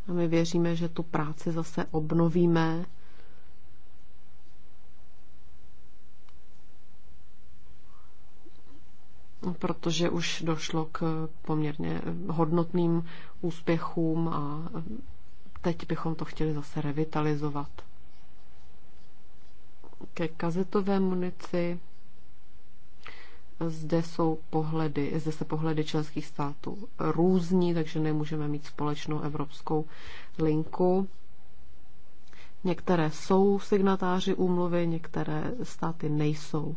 a my věříme, že tu práci zase obnovíme. protože už došlo k poměrně hodnotným úspěchům a teď bychom to chtěli zase revitalizovat ke kazetové munici. Zde jsou pohledy, zde se pohledy členských států různí, takže nemůžeme mít společnou evropskou linku. Některé jsou signatáři úmluvy, některé státy nejsou.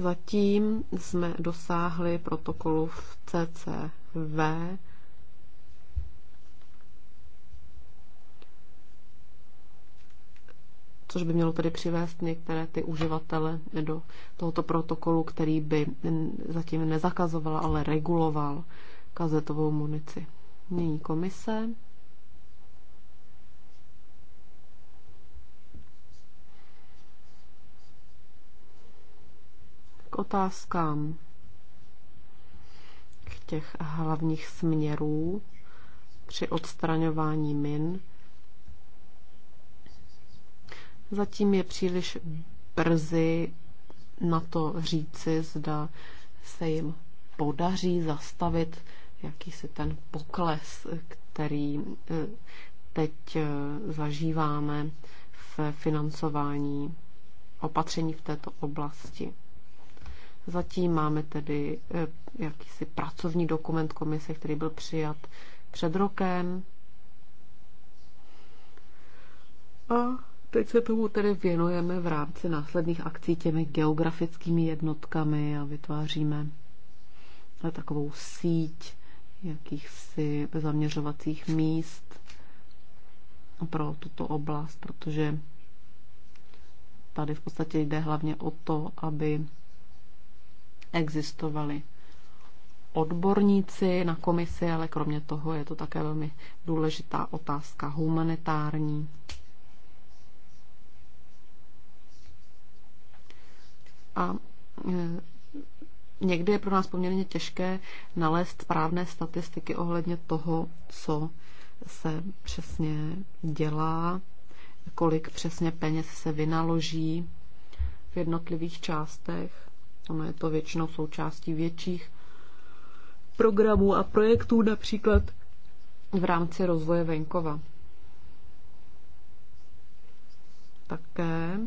Zatím jsme dosáhli protokolu v CCV což by mělo tedy přivést některé ty uživatele do tohoto protokolu, který by zatím nezakazoval, ale reguloval kazetovou munici. Nyní komise. K otázkám k těch hlavních směrů při odstraňování min Zatím je příliš brzy na to říci, zda se jim podaří zastavit jakýsi ten pokles, který eh, teď eh, zažíváme v financování opatření v této oblasti. Zatím máme tedy eh, jakýsi pracovní dokument komise, který byl přijat před rokem. A Teď se tomu tedy věnujeme v rámci následných akcí těmi geografickými jednotkami a vytváříme takovou síť jakýchsi zaměřovacích míst pro tuto oblast, protože tady v podstatě jde hlavně o to, aby existovali odborníci na komisi, ale kromě toho je to také velmi důležitá otázka humanitární. a e, někdy je pro nás poměrně těžké nalézt správné statistiky ohledně toho, co se přesně dělá, kolik přesně peněz se vynaloží v jednotlivých částech. Ono je to většinou součástí větších programů a projektů, například v rámci rozvoje venkova. Také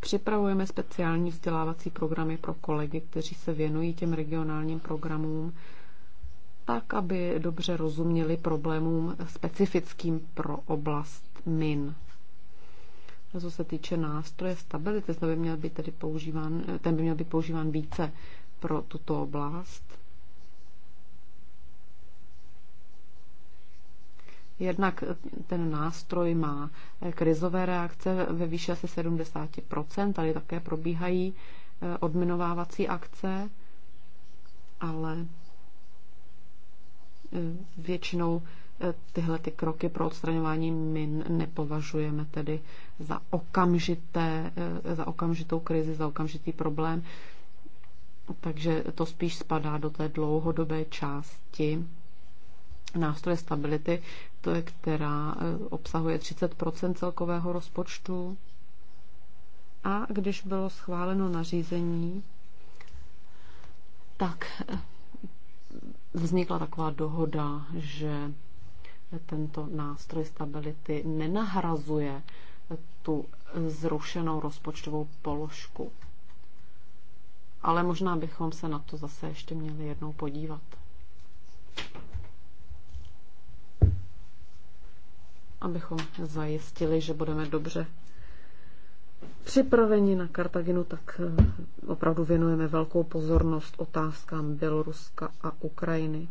Připravujeme speciální vzdělávací programy pro kolegy, kteří se věnují těm regionálním programům, tak, aby dobře rozuměli problémům specifickým pro oblast min. Co se týče nástroje stability, ten by měl být, tedy používán, ten by měl být používán více pro tuto oblast. Jednak eh, ten nástroj má eh, krizové reakce ve výši asi 70%, tady také probíhají eh, odminovávací akce, ale většinou tyhle ty kroky pro odstraňování min nepovažujeme tedy za, okamžité, za okamžitou krizi, za okamžitý problém. Takže to spíš spadá do té dlouhodobé části nástroje stability, to je, která e, obsahuje 30 celkového rozpočtu. A když bylo schváleno nařízení, tak e, vznikla taková dohoda, že tento nástroj stability nenahrazuje tu zrušenou rozpočtovou položku. Ale možná bychom se na to zase ještě měli jednou podívat. abychom zajistili, že budeme dobře připraveni na Kartaginu, tak eh, opravdu věnujeme velkou pozornost otázkám Běloruska a Ukrajiny.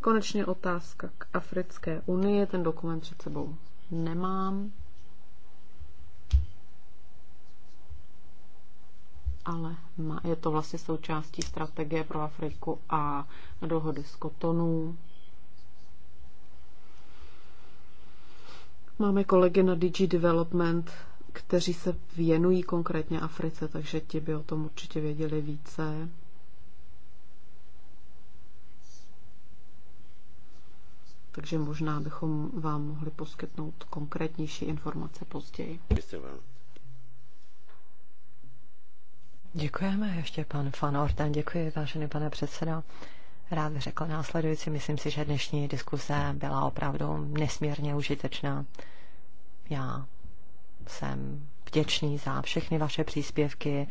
Konečně otázka k Africké unii. Ten dokument před sebou nemám. ale je to vlastně součástí strategie pro Afriku a dohody s kotonů. Máme kolegy na DG Development, kteří se věnují konkrétně Africe, takže ti by o tom určitě věděli více. Takže možná bychom vám mohli poskytnout konkrétnější informace později. Děkujeme ještě pan Fan Orten. Děkuji, vážený pane předsedo. Rád bych řekl následující. Myslím si, že dnešní diskuse byla opravdu nesmírně užitečná. Já jsem vděčný za všechny vaše příspěvky,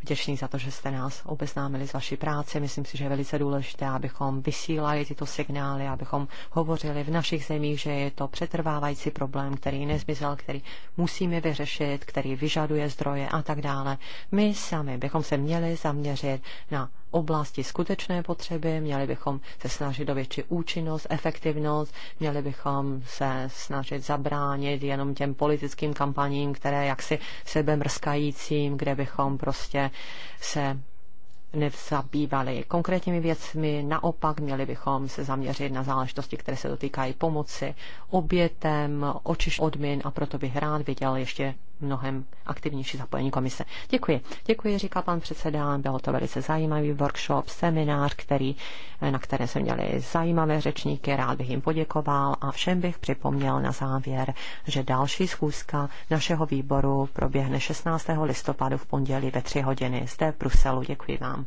vděčný za to, že jste nás obeznámili s vaší práci. Myslím si, že je velice důležité, abychom vysílali tyto signály, abychom hovořili v našich zemích, že je to přetrvávající problém, který nezmizel, který musíme vyřešit, který vyžaduje zdroje a tak dále. My sami bychom se měli zaměřit na oblasti skutečné potřeby, měli bychom se snažit o větší účinnost, efektivnost, měli bychom se snažit zabránit jenom těm politickým kampaním, které jaksi sebe mrskajícím, kde bychom prostě se nezabývali konkrétními věcmi, naopak měli bychom se zaměřit na záležitosti, které se dotýkají pomoci obětem, očiš odmin a proto bych rád viděl ještě mnohem aktivnější zapojení komise. Děkuji. Děkuji, říká pan předseda. bylo to velice zajímavý workshop, seminář, který, eh, na které se měli zajímavé řečníky. Rád bych jim poděkoval a všem bych připomněl na závěr, že další schůzka našeho výboru proběhne 16. listopadu v pondělí ve 3 hodiny zde v Bruselu. Děkuji vám.